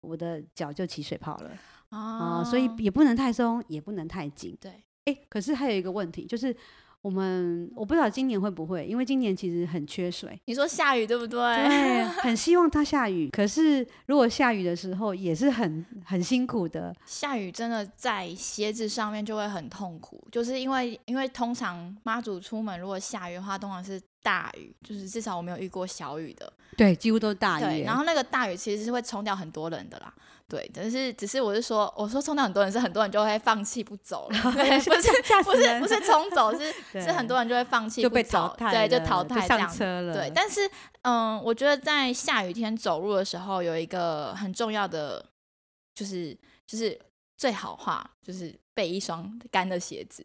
我的腳就起水泡了，哦，啊，所以也不能太鬆，也不能太緊，對，哎，可是還有一個問題就是。我們我不知道今年會不會，因為今年其實很缺水。你說下雨對不對？對，很希望它下雨。 可是如果下雨的時候，也是很很辛苦的。下雨真的在鞋子上面就會很痛苦，就是因為因為通常媽祖出門如果下雨的話，通常是大雨，就是至少我沒有遇過小雨的。對，幾乎都是大雨。對，然後那個大雨其實是會沖掉很多人的啦。對，但是只是我是說，我說沖到很多人，是很多人就會放棄不走了。啊，不是不是不是沖走，是 對是很多人就會放棄，就被淘汰了，對，就淘汰這樣子。對，但是嗯、呃，我覺得在下雨天走路的時候，有一個很重要的，就是就是最好的話就是備一雙乾的鞋子。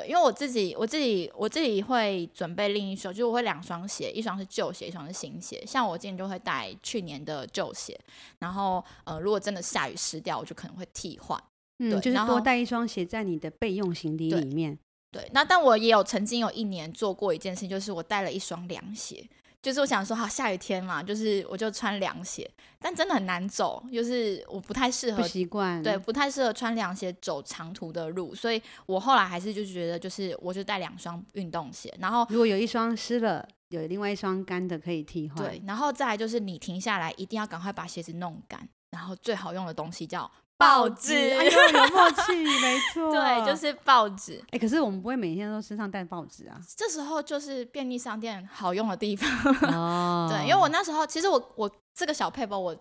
對，因為我自己，我自己，我自己會準備另一雙，就是我會兩雙鞋，一雙是舊鞋，一雙是新鞋。像我今年就會帶去年的舊鞋，然後呃，如果真的下雨濕掉，我就可能會替換。對，嗯，然後，就是多帶一雙鞋在你的備用行李裡面。對，對，那但我也有曾經有一年做過一件事情，就是我帶了一雙涼鞋。就是我想說，好，下雨天嘛，就是我就穿涼鞋，但真的很難走，就是我不太適合，不習慣，對，不太適合穿涼鞋走長途的路，所以我後來還是就覺得，就是我就帶兩雙運動鞋，然後如果有一雙濕了，有另外一雙乾的可以替換，對，然後再來就是你停下來，一定要趕快把鞋子弄乾，然後最好用的東西叫。報紙，報紙 哎呦，有默契， 沒錯 錯，對，就是報紙。哎，可是我們不會每天都身上帶報紙啊。這時候就是便利商店好用的地方。哦、 對，因為我那時候，其實我我這個小撇步，我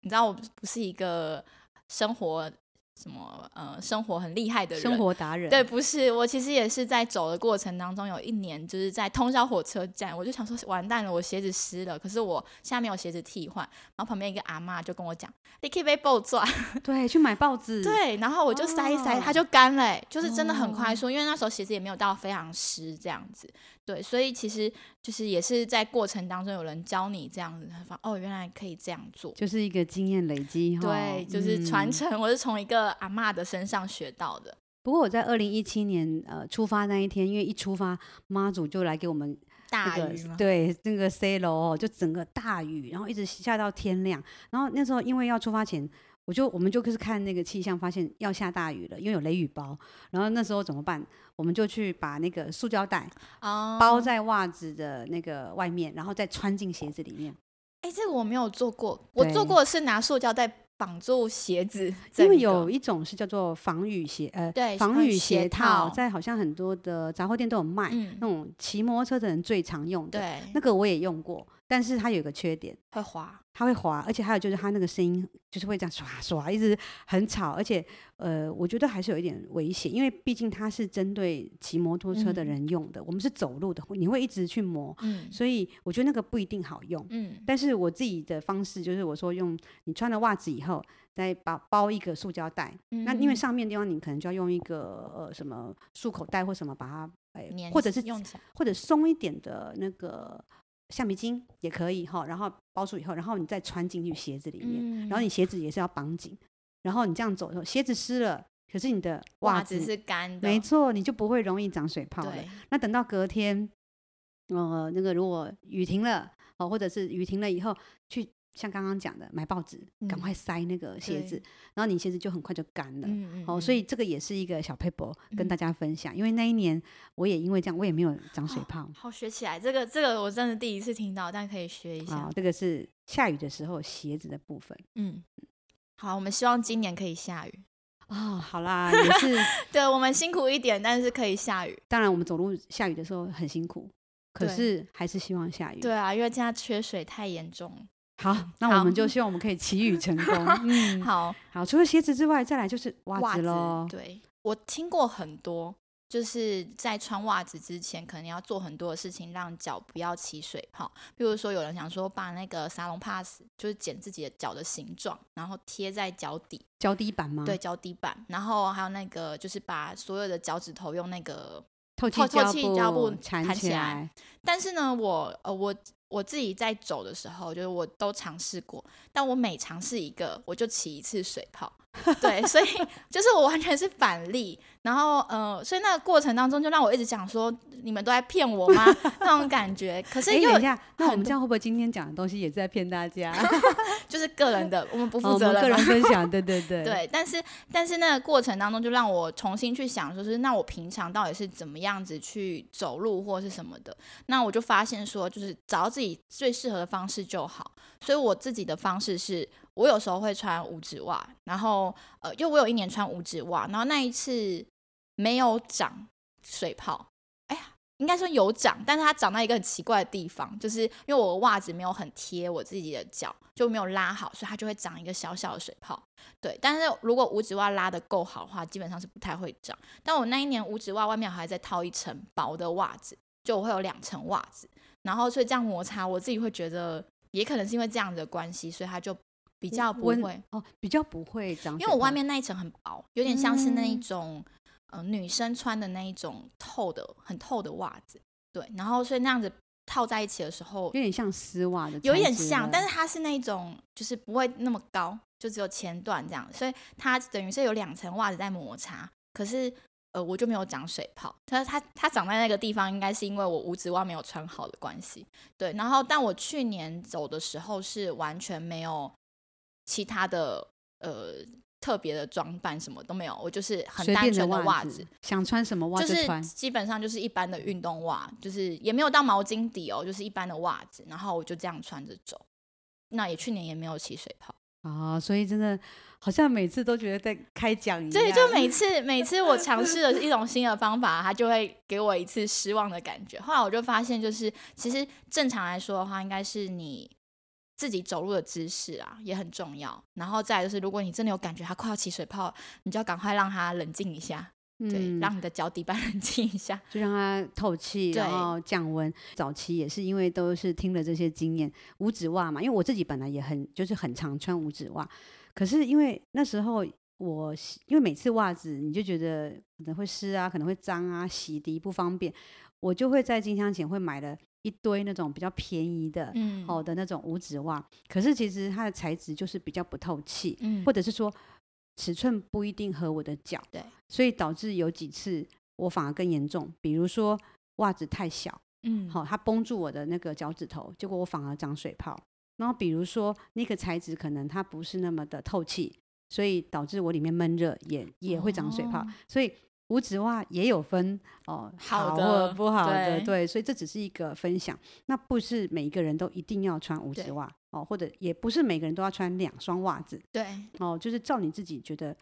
你知道，我不是一個生活、什麼呃，生活很厲害的人，生活達人。對，不是我，其實也是在走的過程當中，有一年就是在通宵火車站，我就想說完蛋了，我鞋子濕了。可是我下面有鞋子替換，然後旁邊一個阿嬤就跟我講，你可以被報紙，對，去買報紙， 對，然後我就塞一塞，哦、它就乾了、欸，就是真的很快速，因為那時候鞋子也沒有到非常濕這樣子。對，所以其實就是也是在過程當中，有人教你這樣子，哦，原來可以這樣做，就是一個經驗累積哈。對，嗯、就是傳承，我是從一個阿嬤的身上學到的。不過我在二零一七年呃出發那一天，因為一出發媽祖就來給我們、這個、大雨。對，那個 C 樓，就整個大雨，然後一直下到天亮。然後那時候因為要出發前，我就我們就開始看那個氣象，發現要下大雨了，因為有雷雨包。然後那時候怎麼辦？我們就去把那個塑膠袋啊包在襪子的那個外面，um, 然後再穿進鞋子裡面。哎、欸，這個我沒有做過，對我做過是拿塑膠袋綁住鞋子，這個、因為有一種是叫做防雨鞋，呃，對防雨鞋套，鞋套在好像很多的雜貨店都有賣。嗯、那種騎摩托車的人最常用的，對，那個我也用過。但是它有一個缺點，會滑，它會滑，而且還有就是它那個聲音就是會這樣刷刷，一直很吵，而且呃，我覺得還是有一點危險，因為畢竟它是針對騎摩托車的人用的，嗯、我們是走路的，你會一直去磨，嗯，所以我覺得那個不一定好用，嗯。但是我自己的方式就是我說用你穿了襪子以後，再把包一個塑膠袋，嗯、那因為上面的地方你可能就要用一個呃什麼束口袋、或什麼把它哎，呃、黏或者是用起來，或者鬆一點的那個，橡皮筋也可以哈，然後包住以後，然後你再穿進去鞋子裡面，嗯、然後你鞋子也是要綁緊，然後你這樣走以後，鞋子濕了，可是你的襪子，襪子是乾的，沒錯，你就不會容易長水泡了。對那等到隔天，呃，那個如果雨停了，或者是雨停了以後去。像剛剛講的，買報紙，趕、嗯、快塞那個鞋子，對然後你鞋子就很快就乾了。嗯嗯、哦，所以這個也是一個小撇步、嗯、跟大家分享。因為那一年我也因為這樣，我也沒有長水泡。哦、好學起來，這個這個我真的第一次聽到，但可以學一下。好、哦，這個是下雨的時候鞋子的部分。嗯，好，我們希望今年可以下雨哦，好啦，也是。 對，我們辛苦一點，但是可以下雨。當然，我們走路下雨的時候很辛苦，可是還是希望下雨。對，對啊，因為現在缺水太嚴重。好，那我們就希望我們可以祈雨成功。好嗯， 好好。除了鞋子之外，再來就是襪子嘍。對，我聽過很多，就是在穿襪子之前，可能要做很多的事情，讓腳不要起水泡。比如說，有人想說把那個撒隆巴斯，就是剪自己的腳的形狀，然後貼在腳底。腳底板嗎？對，腳底板。然後還有那個，就是把所有的腳趾頭用那個透氣膠布纏起來。起來但是呢，我呃我。我自己在走的時候，就是我都嘗試過，但我每嘗試一個，我就起一次水泡。 對，所以就是我完全是反例，然後呃，所以那個過程當中就讓我一直想說你們都在騙我嗎那種感覺。 可是又、欸、那我們這樣會不會今天講的東西也在騙大家？ 就是個人的，我們不負責。哦、個人分享，對對對。 對，但是但是那個過程當中就讓我重新去想說、就是，說是那我平常到底是怎麼樣子去走路或是什麼的？那我就發現說，就是找到自己最適合的方式就好。所以我自己的方式是。我有時候會穿五指襪，然後呃，因為我有一年穿五指襪，然後那一次沒有長水泡，哎呀，應該說有長，但是它長到一個很奇怪的地方，就是因為我的襪子沒有很貼我自己的腳，就沒有拉好，所以它就會長一個小小的水泡。對，但是如果五指襪拉得夠好的話，基本上是不太會長。但我那一年五指襪外面還在套一層薄的襪子，就我會有兩層襪子，然後所以這樣摩擦，我自己會覺得，也可能是因為這樣子的關係，所以它就。比較不會哦，比較不會長，因為我外面那一層很薄，有點像是那一種，呃，女生穿的那一種透的、很透的襪子，對，然後所以那樣子套在一起的時候，有點像絲襪的，有點像，但是它是那種，就是不會那麼高，就只有前段這樣，所以它等於是有兩層襪子在摩擦，可是，呃，我就沒有長水泡它，它它它長在那個地方，應該是因為我五指襪沒有穿好的關係，對，然後但我去年走的時候是完全沒有。其他的呃，特別的裝扮什麼都沒有，我就是很單純的襪子的，想穿什麼襪子基本上就是一般的運動襪，就是也沒有到毛巾底哦，就是一般的襪子，然後我就這樣穿着走。那也去年也沒有起水泡啊，所以真的好像每次都覺得在開獎一樣。對，就每次每次我嘗試了一種新的方法， 它就會給我一次失望的感覺。後來我就發現，就是其實正常來說的話，應該是你。自己走路的姿勢啊也很重要，然後再來就是，如果你真的有感覺它快要起水泡，你就要趕快讓它冷靜一下，嗯、對，讓你的腳底板冷靜一下，就讓它透氣，然後降溫。對早期也是因為都是聽了這些經驗，五指襪嘛，因為我自己本來也很就是很常穿五指襪，可是因為那時候我因為每次襪子你就覺得可能會濕啊，可能會髒啊，洗滌不方便。我就會在進香前會買了一堆那種比較便宜的，嗯，好、哦、的那種五指襪，可是其實它的材質就是比較不透氣，嗯，或者是說尺寸不一定合我的腳，對，所以導致有幾次我反而更嚴重，比如說襪子太小，嗯，好、哦，它繃住我的那個腳趾頭，結果我反而長水泡，然後比如說那個材質可能它不是那麼的透氣，所以導致我裡面悶熱也，也、哦、也會長水泡，所以。五指襪也有分哦，好的，好或者不好的。對，對，所以這只是一個分享，那不是每一個人都一定要穿五指襪對哦，或者也不是每個人都要穿兩雙襪子，對，哦，就是照你自己覺得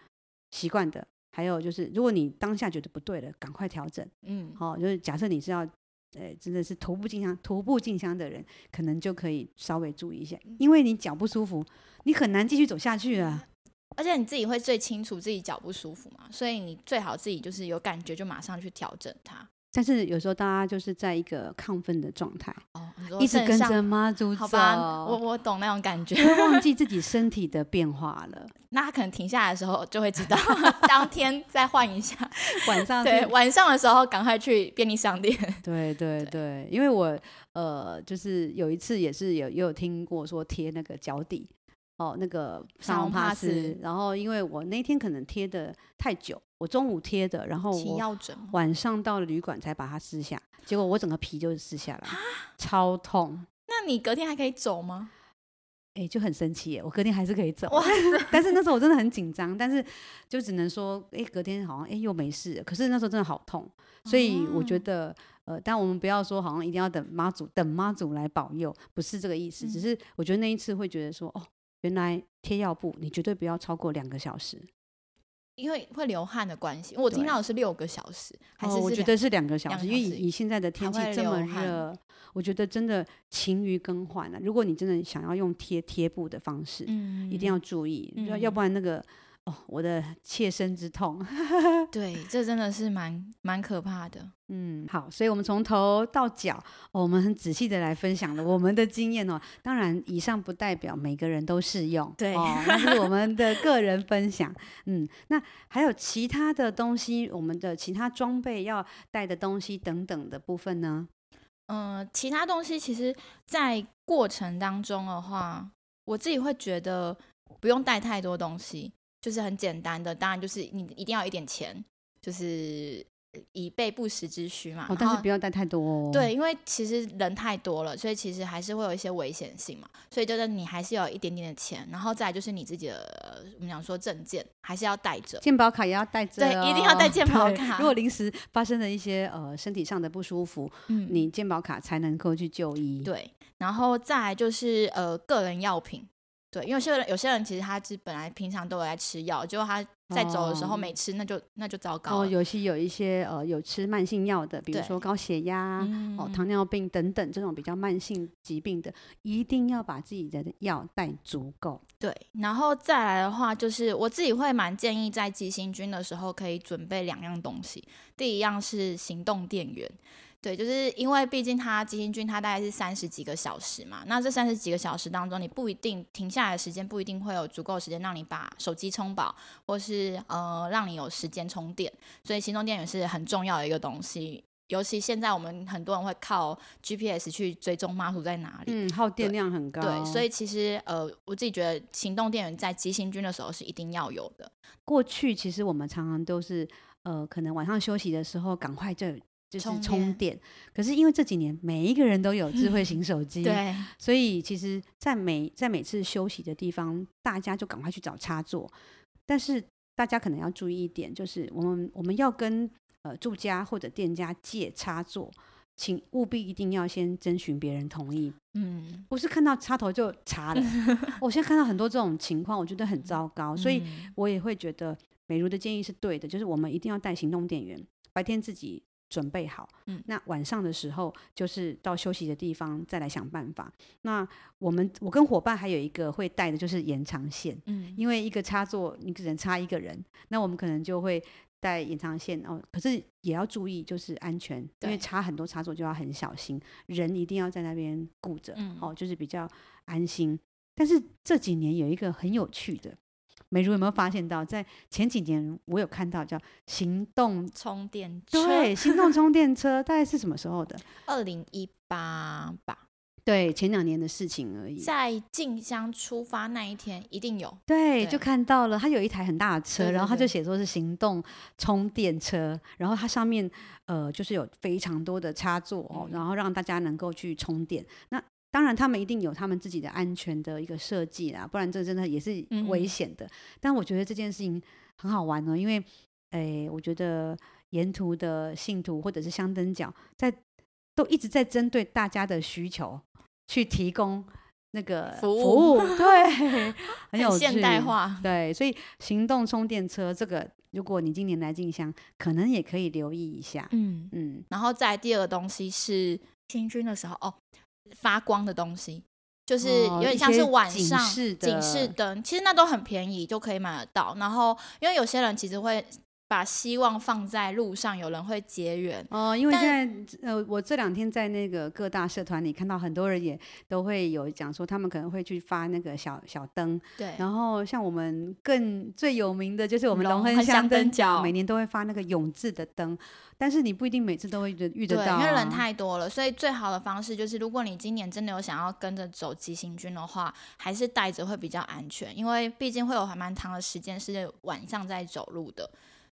習慣的，還有就是如果你當下覺得不對了，趕快調整，嗯、哦，就是假設你是要，呃、欸，真的是徒步進香，徒步進香的人，可能就可以稍微注意一下，因為你腳不舒服，你很難繼續走下去啊。嗯而且你自己會最清楚自己腳不舒服嘛，所以你最好自己就是有感覺就馬上去調整它。但是有時候大家就是在一個亢奮的狀態，哦，一直跟着媽祖走。好吧，我我懂那種感覺，忘記自己身體的變化了。 那他可能停下來的時候就會知道， 當天再換一下。 晚上 對晚上的時候趕快去便利商店。對對對，因為我呃，就是有一次也是有有聽過說貼那個腳底。哦，那個沙龍帕斯，帕斯，然後因為我那天可能貼的太久，我中午貼的，然後我晚上到了旅館才把它撕下，結果我整個皮就撕下來，啊、超痛。那你隔天還可以走嗎？哎、欸，就很神奇耶，我隔天還是可以走哇塞 但，但是那時候我真的很緊張， 但是就只能說，哎、欸，隔天好像哎、欸、又沒事，可是那時候真的好痛，所以我覺得，嗯、呃，但我們不要說好像一定要等媽祖，等媽祖來保佑，不是這個意思，嗯、只是我覺得那一次會覺得說，哦。原來貼藥布，你絕對不要超過兩個小時，因為會流汗的關係。我聽到的是六個小時，還是我覺得是兩個小時？小時因為以現在的天氣這麼熱，我覺得真的勤於更換了、啊。如果你真的想要用貼貼布的方式，嗯、一定要注意，嗯、要不然那個。我的切身之痛，對，這真的是蠻蠻可怕的。嗯，好，所以我們從頭到腳，哦、我們很仔細的來分享了我們的經驗哦。當然，以上不代表每個人都適用，對、哦，那是我們的個人分享。 嗯，那還有其他的東西，我們的其他裝備要帶的東西等等的部分呢？嗯、呃，其他東西其實，在過程當中的話，我自己會覺得不用帶太多東西。就是很簡單的，當然就是你一定要一點錢，就是以備不時之需嘛。哦，但是不要帶太多。哦，對，因為其實人太多了，所以其實還是會有一些危險性嘛。所以就是你還是有一點點的錢，然後再來就是你自己的，我們講說證件還是要帶着，健保卡也要帶着哦。對，一定要帶健保卡。如果臨時發生了一些呃身體上的不舒服，嗯，你健保卡才能夠去就醫。對，然後再來就是呃個人藥品。對，因為有些人，有些人其實他是本來平常都有在吃藥，結果他在走的時候沒吃，哦、那就那就糟糕。哦，尤其有一些呃有吃慢性藥的，比如說高血壓、對哦糖尿病等等這種比較慢性疾病的，嗯、一定要把自己的藥帶足夠。對，然後再來的話，就是我自己會蠻建議在急行軍的時候可以準備兩樣東西，第一樣是行動電源。對，就是因為畢竟它急行軍，它大概是三十幾個小時嘛。那這三十幾個小時當中，你不一定停下來的時間，不一定會有足夠的時間讓你把手機充飽，或是呃讓你有時間充電。所以行動電源是很重要的一個東西，尤其現在我們很多人會靠 GPS 去追蹤媽祖在哪裡，嗯，耗電量很高。對，對，所以其實呃，我自己覺得行動電源在急行軍的時候是一定要有的。過去其實我們常常都是呃，可能晚上休息的時候趕快就。就是充電，充電。可是因為這幾年每一個人都有智慧型手機，嗯、對，所以其實，在每在每次休息的地方，大家就趕快去找插座。但是大家可能要注意一點，就是我們我們要跟呃住家或者店家借插座，請務必一定要先徵詢別人同意。嗯，不是看到插頭就插了， 我現在看到很多這種情況，我覺得很糟糕，嗯、所以我也會覺得美如的建議是對的，就是我們一定要帶行動電源，白天自己。準備好，嗯，那晚上的時候就是到休息的地方再來想辦法。那我們我跟夥伴還有一個會帶的就是延長線，嗯，因為一個插座你只能插一個人，那我們可能就會帶延長線哦。可是也要注意就是安全，對因為插很多插座就要很小心，人一定要在那邊顧着哦，就是比較安心。嗯、但是這幾年有一個很有趣的。美汝，有沒有發現到，在前幾年我有看到叫行動充電車，對，行動充電車大概是什麼時候的？二零一八吧，對，前兩年的事情而已。在進香出發那一天，一定有，對，就看到了，它有一台很大的車，對對對，然後它就寫說是行動充電車，然後它上面呃就是有非常多的插座哦，嗯、然後讓大家能夠去充電。那當然，他們一定有他們自己的安全的一個設計啦，不然這真的也是危險的。嗯嗯，但我覺得這件事情很好玩哦、喔，因為，誒、欸，我覺得沿途的信徒或者是香燈腳在都一直在針對大家的需求去提供那個服務，服務對， 很有趣，很現代化，對，所以行動充電車這個，如果你今年來進香，可能也可以留意一下，嗯嗯。嗯，然後在第二個東西是行軍的時候哦。發光的東西，就是有點像是晚上警示燈，哦，其實那都很便宜就可以買得到。然後，因為有些人其實會。把希望放在路上，有人會結緣哦。因為現在但呃，我這兩天在那個各大社團裡看到很多人也都會有講說，他們可能會去發那個小小燈。對。然後像我們更最有名的就是我們龍恆香燈腳，每年都會發那個永志的燈。但是你不一定每次都會遇，遇得到啊，因為人太多了。所以最好的方式就是，如果你今年真的有想要跟着走急行軍的話，還是帶着會比較安全，因為畢竟會有還蠻長的時間是晚上在走路的。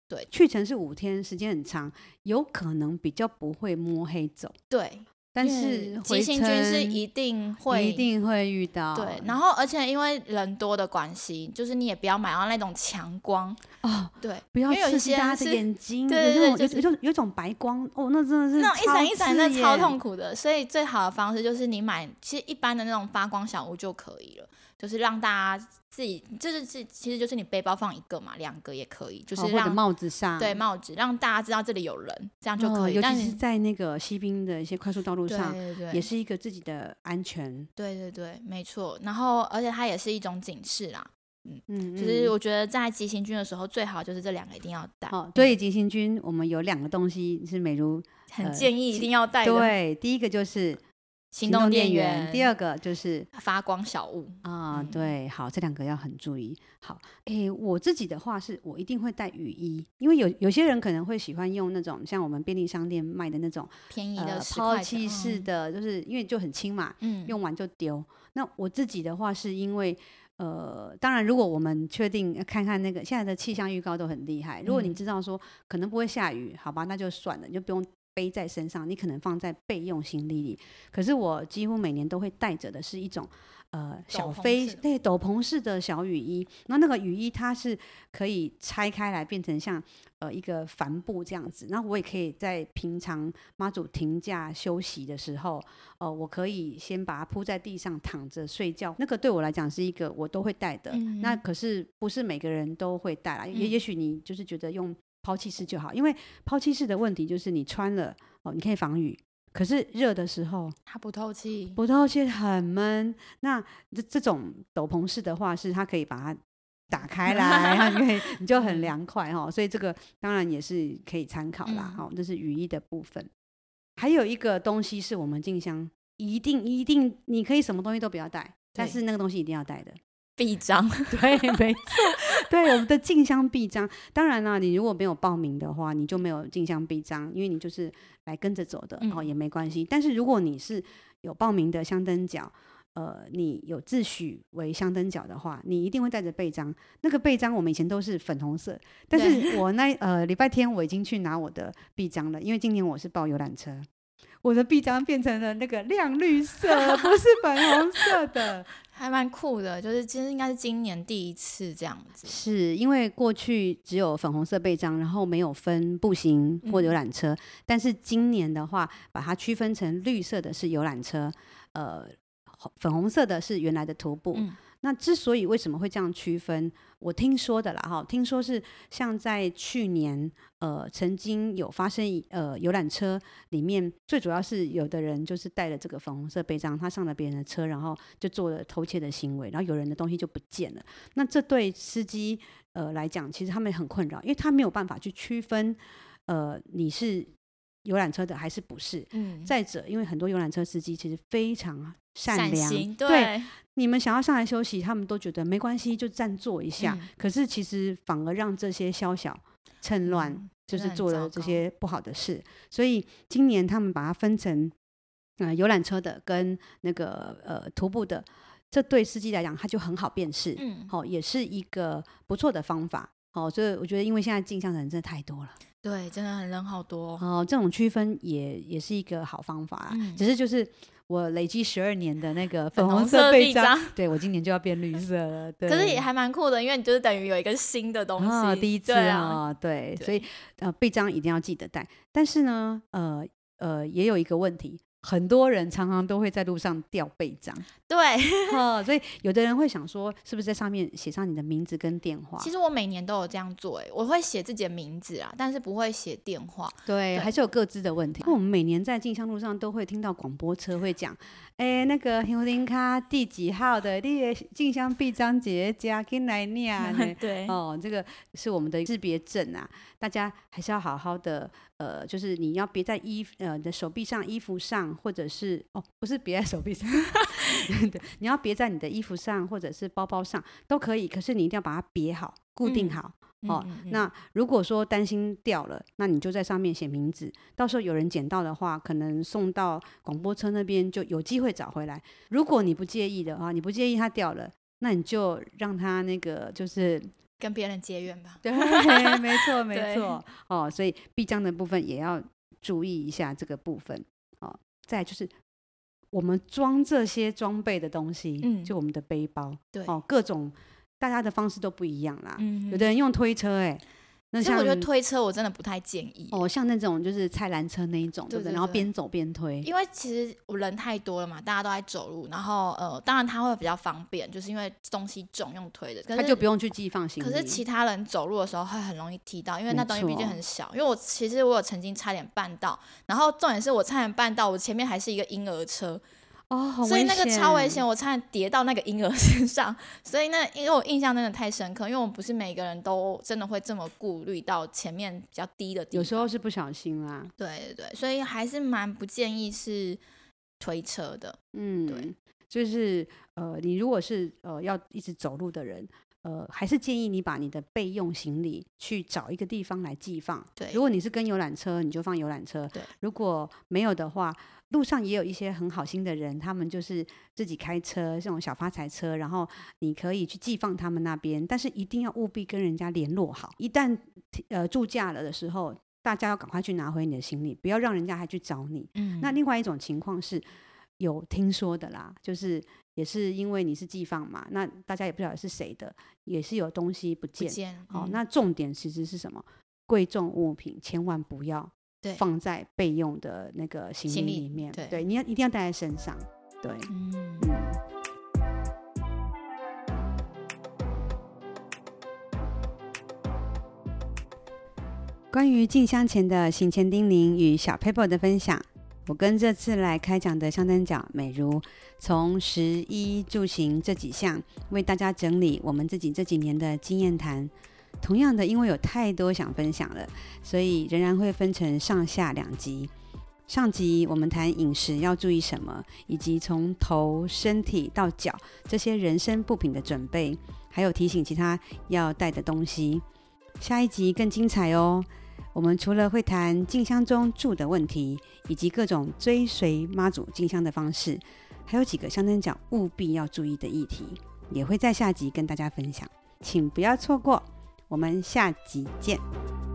對，去程是五天，時間很長，有可能比較不會摸黑走。對，但是回程急行軍是一定會一定會遇到。對，然後而且因為人多的關係，就是你也不要買到那種強光哦，對，不要刺激大家的眼睛，對，有種、對，就是、有有有種白光哦，那真的是那種一閃一閃那超痛苦的，所以最好的方式就是你買其實一般的那種發光小物就可以了，就是讓大家。自己，這是是，其實就是你背包放一個嘛，兩個也可以，就是讓帽子上對，帽子讓大家知道這裡有人，這樣就可以、哦。尤其是在那個西濱的一些快速道路上，對對對也是一個自己的安全。對對對，沒錯。然後，而且它也是一種警示啦。嗯嗯，嗯，就是我覺得在急行軍的時候，最好就是這兩個一定要帶。哦，對，急行軍我們有兩個東西是美汝很建議一定要帶、呃、對，第一個就是。行動電源，電源第二個就是發光小物啊，嗯、對，好，這兩個要很注意。好，誒、欸，我自己的話是我一定會帶雨衣，因為有有些人可能會喜歡用那種像我們便利商店賣的那種便宜的，呃、拋棄式的，嗯、就是因為就很輕嘛，用完就丟。嗯、那我自己的話是因為，呃，當然如果我們確定看看那個現在的氣象預告都很厲害，如果你知道說、嗯、可能不會下雨，好吧，那就算了，你就不用。背在身上，你可能放在備用行李裡。可是我幾乎每年都會帶着的是一種，呃，小飛，對，斗篷式的小雨衣。那那個雨衣它是可以拆開來變成像呃一個帆布這樣子。那我也可以在平常媽祖停駕休息的時候，哦、呃，我可以先把它鋪在地上躺着睡覺。那個對我來講是一個我都會帶的。嗯嗯，那可是不是每個人都會帶來、嗯，也也許你就是覺得用。拋棄式就好，因為拋棄式的問題就是你穿了哦，你可以防雨，可是熱的時候它不透氣，不透氣很悶。那這這種斗篷式的話，是它可以把它打開來， 因為你就很涼快哈、哦。所以這個當然也是可以參考啦。好、嗯哦，這是雨衣的部分。還有一個東西是我們進香一定一定你可以什麼東西都不要帶，對但是那個東西一定要帶的。臂章，對，沒錯， 對，我們的進香臂章。當然啦，你如果沒有報名的話，你就沒有進香臂章，因為你就是來跟着走的，然後也沒關係。嗯、但是如果你是有報名的香燈腳，呃，你有自詡為香燈腳的話，你一定會帶着臂章。那個臂章我們以前都是粉紅色，但是我那呃禮拜天我已經去拿我的臂章了，因為今年我是報遊覽車。我的臂章變成了那個亮綠色，不是粉紅色的， 還蠻酷的。就是其實應該是今年第一次這樣子，是因為過去只有粉紅色臂章，然後沒有分步行或遊覽車。嗯、但是今年的話，把它區分成綠色的是遊覽車，呃，粉紅色的是原來的徒步。嗯那之所以為什麼會這樣區分，我聽說的啦哈，聽說是像在去年，呃，曾經有發生，呃，遊覽車裡面最主要是有的人就是帶了這個粉紅色臂章，他上了別人的車，然後就做了偷竊的行為，然後有人的東西就不見了。那這對司機，呃，來講其實他們很困擾，因為他沒有辦法去區分，呃，你是遊覽車的還是不是。嗯。再者，因為很多遊覽車司機其實非常。善良善對，對你們想要上來休息，他們都覺得沒關係，就暫坐一下。嗯、可是其實反而讓這些宵小，小趁亂，嗯，就是做了這些不好的事。嗯、的所以今年他們把它分成，呃，遊覽車的跟那個呃徒步的，這對司機來講他就很好辨識，嗯，好，也是一個不錯的方法。好，所以我覺得因為現在進香的人真的太多了，對，真的很人好多哦。哦、呃，這種區分也也是一個好方法，嗯、只是就是。我累積十二年的那個粉紅色臂章，色的臂章，對，對，我今年就要變綠色了。對。可是也還蠻酷的，因為你就是等於有一個新的東西，哦、第一次、哦、啊，對，所以對呃，臂章一定要記得帶。但是呢，呃呃，也有一個問題。很多人常常都會在路上掉臂章，對、嗯，所以有的人會想說，是不是在上面寫上你的名字跟電話？ 其實我每年都有這樣做，我會寫自己的名字啊，但是不會寫電話，對，對還是有各自的問題。因為我們每年在進香路上都會聽到廣播車會講，哎、 欸，那個紅綠卡第幾號的，的靜，第進香臂章姐加家跟來念呢？對，哦、嗯，這個是我們的識別證啊，大家還是要好好的。呃，就是你要別在衣服，呃，你的手臂上、衣服上，或者是哦，不是別在手臂上，對， 你要別在你的衣服上或者是包包上都可以。可是你一定要把它別好、固定好。嗯、哦，嗯嗯嗯。那如果說擔心掉了，那你就在上面寫名字，到時候有人撿到的話，可能送到廣播車那邊就有機會找回來。如果你不介意的話，你不介意它掉了，那你就讓它那個就是。跟別人結緣吧，對，沒錯，沒錯， 對哦，所以臂章的部分也要注意一下這個部分，哦，再就是我們裝這些裝備的東西，嗯、就我們的背包，對哦，各種大家的方式都不一樣啦，嗯、哼有的人用推車、欸。其實我覺得推車我真的不太建議哦，像那種就是菜籃車那一種，對,對,對,對,對不對？然後邊走邊推。因為其實我人太多了嘛，大家都在走路，然後呃，當然他會比較方便，就是因為東西重用推的，他就不用去寄放行李。可是其他人走路的時候會很容易踢到，因為那東西畢竟很小。錯因為我其實我有曾經差點絆到，然後重點是我差點絆到，我前面還是一個嬰兒車。哦，好。所以那個超危險，我差點跌到那個嬰兒身上。所以那個因為我印象真的太深刻，因為我不是每個人都真的會這麼顧慮到前面比較低的地方。有時候是不小心啦，啊。對對對，所以還是蠻不建議是推車的。嗯，對，就是呃，你如果是呃要一直走路的人。呃，還是建議你把你的備用行李去找一個地方來寄放。對，如果你是跟遊覽車，你就放遊覽車。對，如果沒有的話，路上也有一些很好心的人，他們就是自己開車，這種小發財車，然後你可以去寄放他們那邊。但是一定要務必跟人家聯絡好，一旦呃駐駕了的時候，大家要趕快去拿回你的行李，不要讓人家還去找你。嗯，那另外一種情況是，有聽說的啦，就是。也是因為你是寄放嘛，那大家也不曉得是誰的，也是有東西不見、不見、嗯哦、那重點其實是什麼？貴重物品千萬不要放在備用的那個行李裡面，對，對，你要一定要帶在身上。對，嗯。關於進香前的行前叮嚀與小 paper 的分享。我跟這次來開講的香燈腳美如，從食衣住行這幾項為大家整理我們自己這幾年的經驗談。同樣的，因為有太多想分享了，所以仍然會分成上下兩集。上集我們談飲食要注意什麼，以及從頭身體到腳這些人身部品的準備，還有提醒其他要帶的東西。下一集更精彩哦！我們除了會談進香中住的問題，以及各種追隨媽祖進香的方式，還有幾個香燈腳務必要注意的議題，也會在下集跟大家分享，請不要錯過。我們下集見。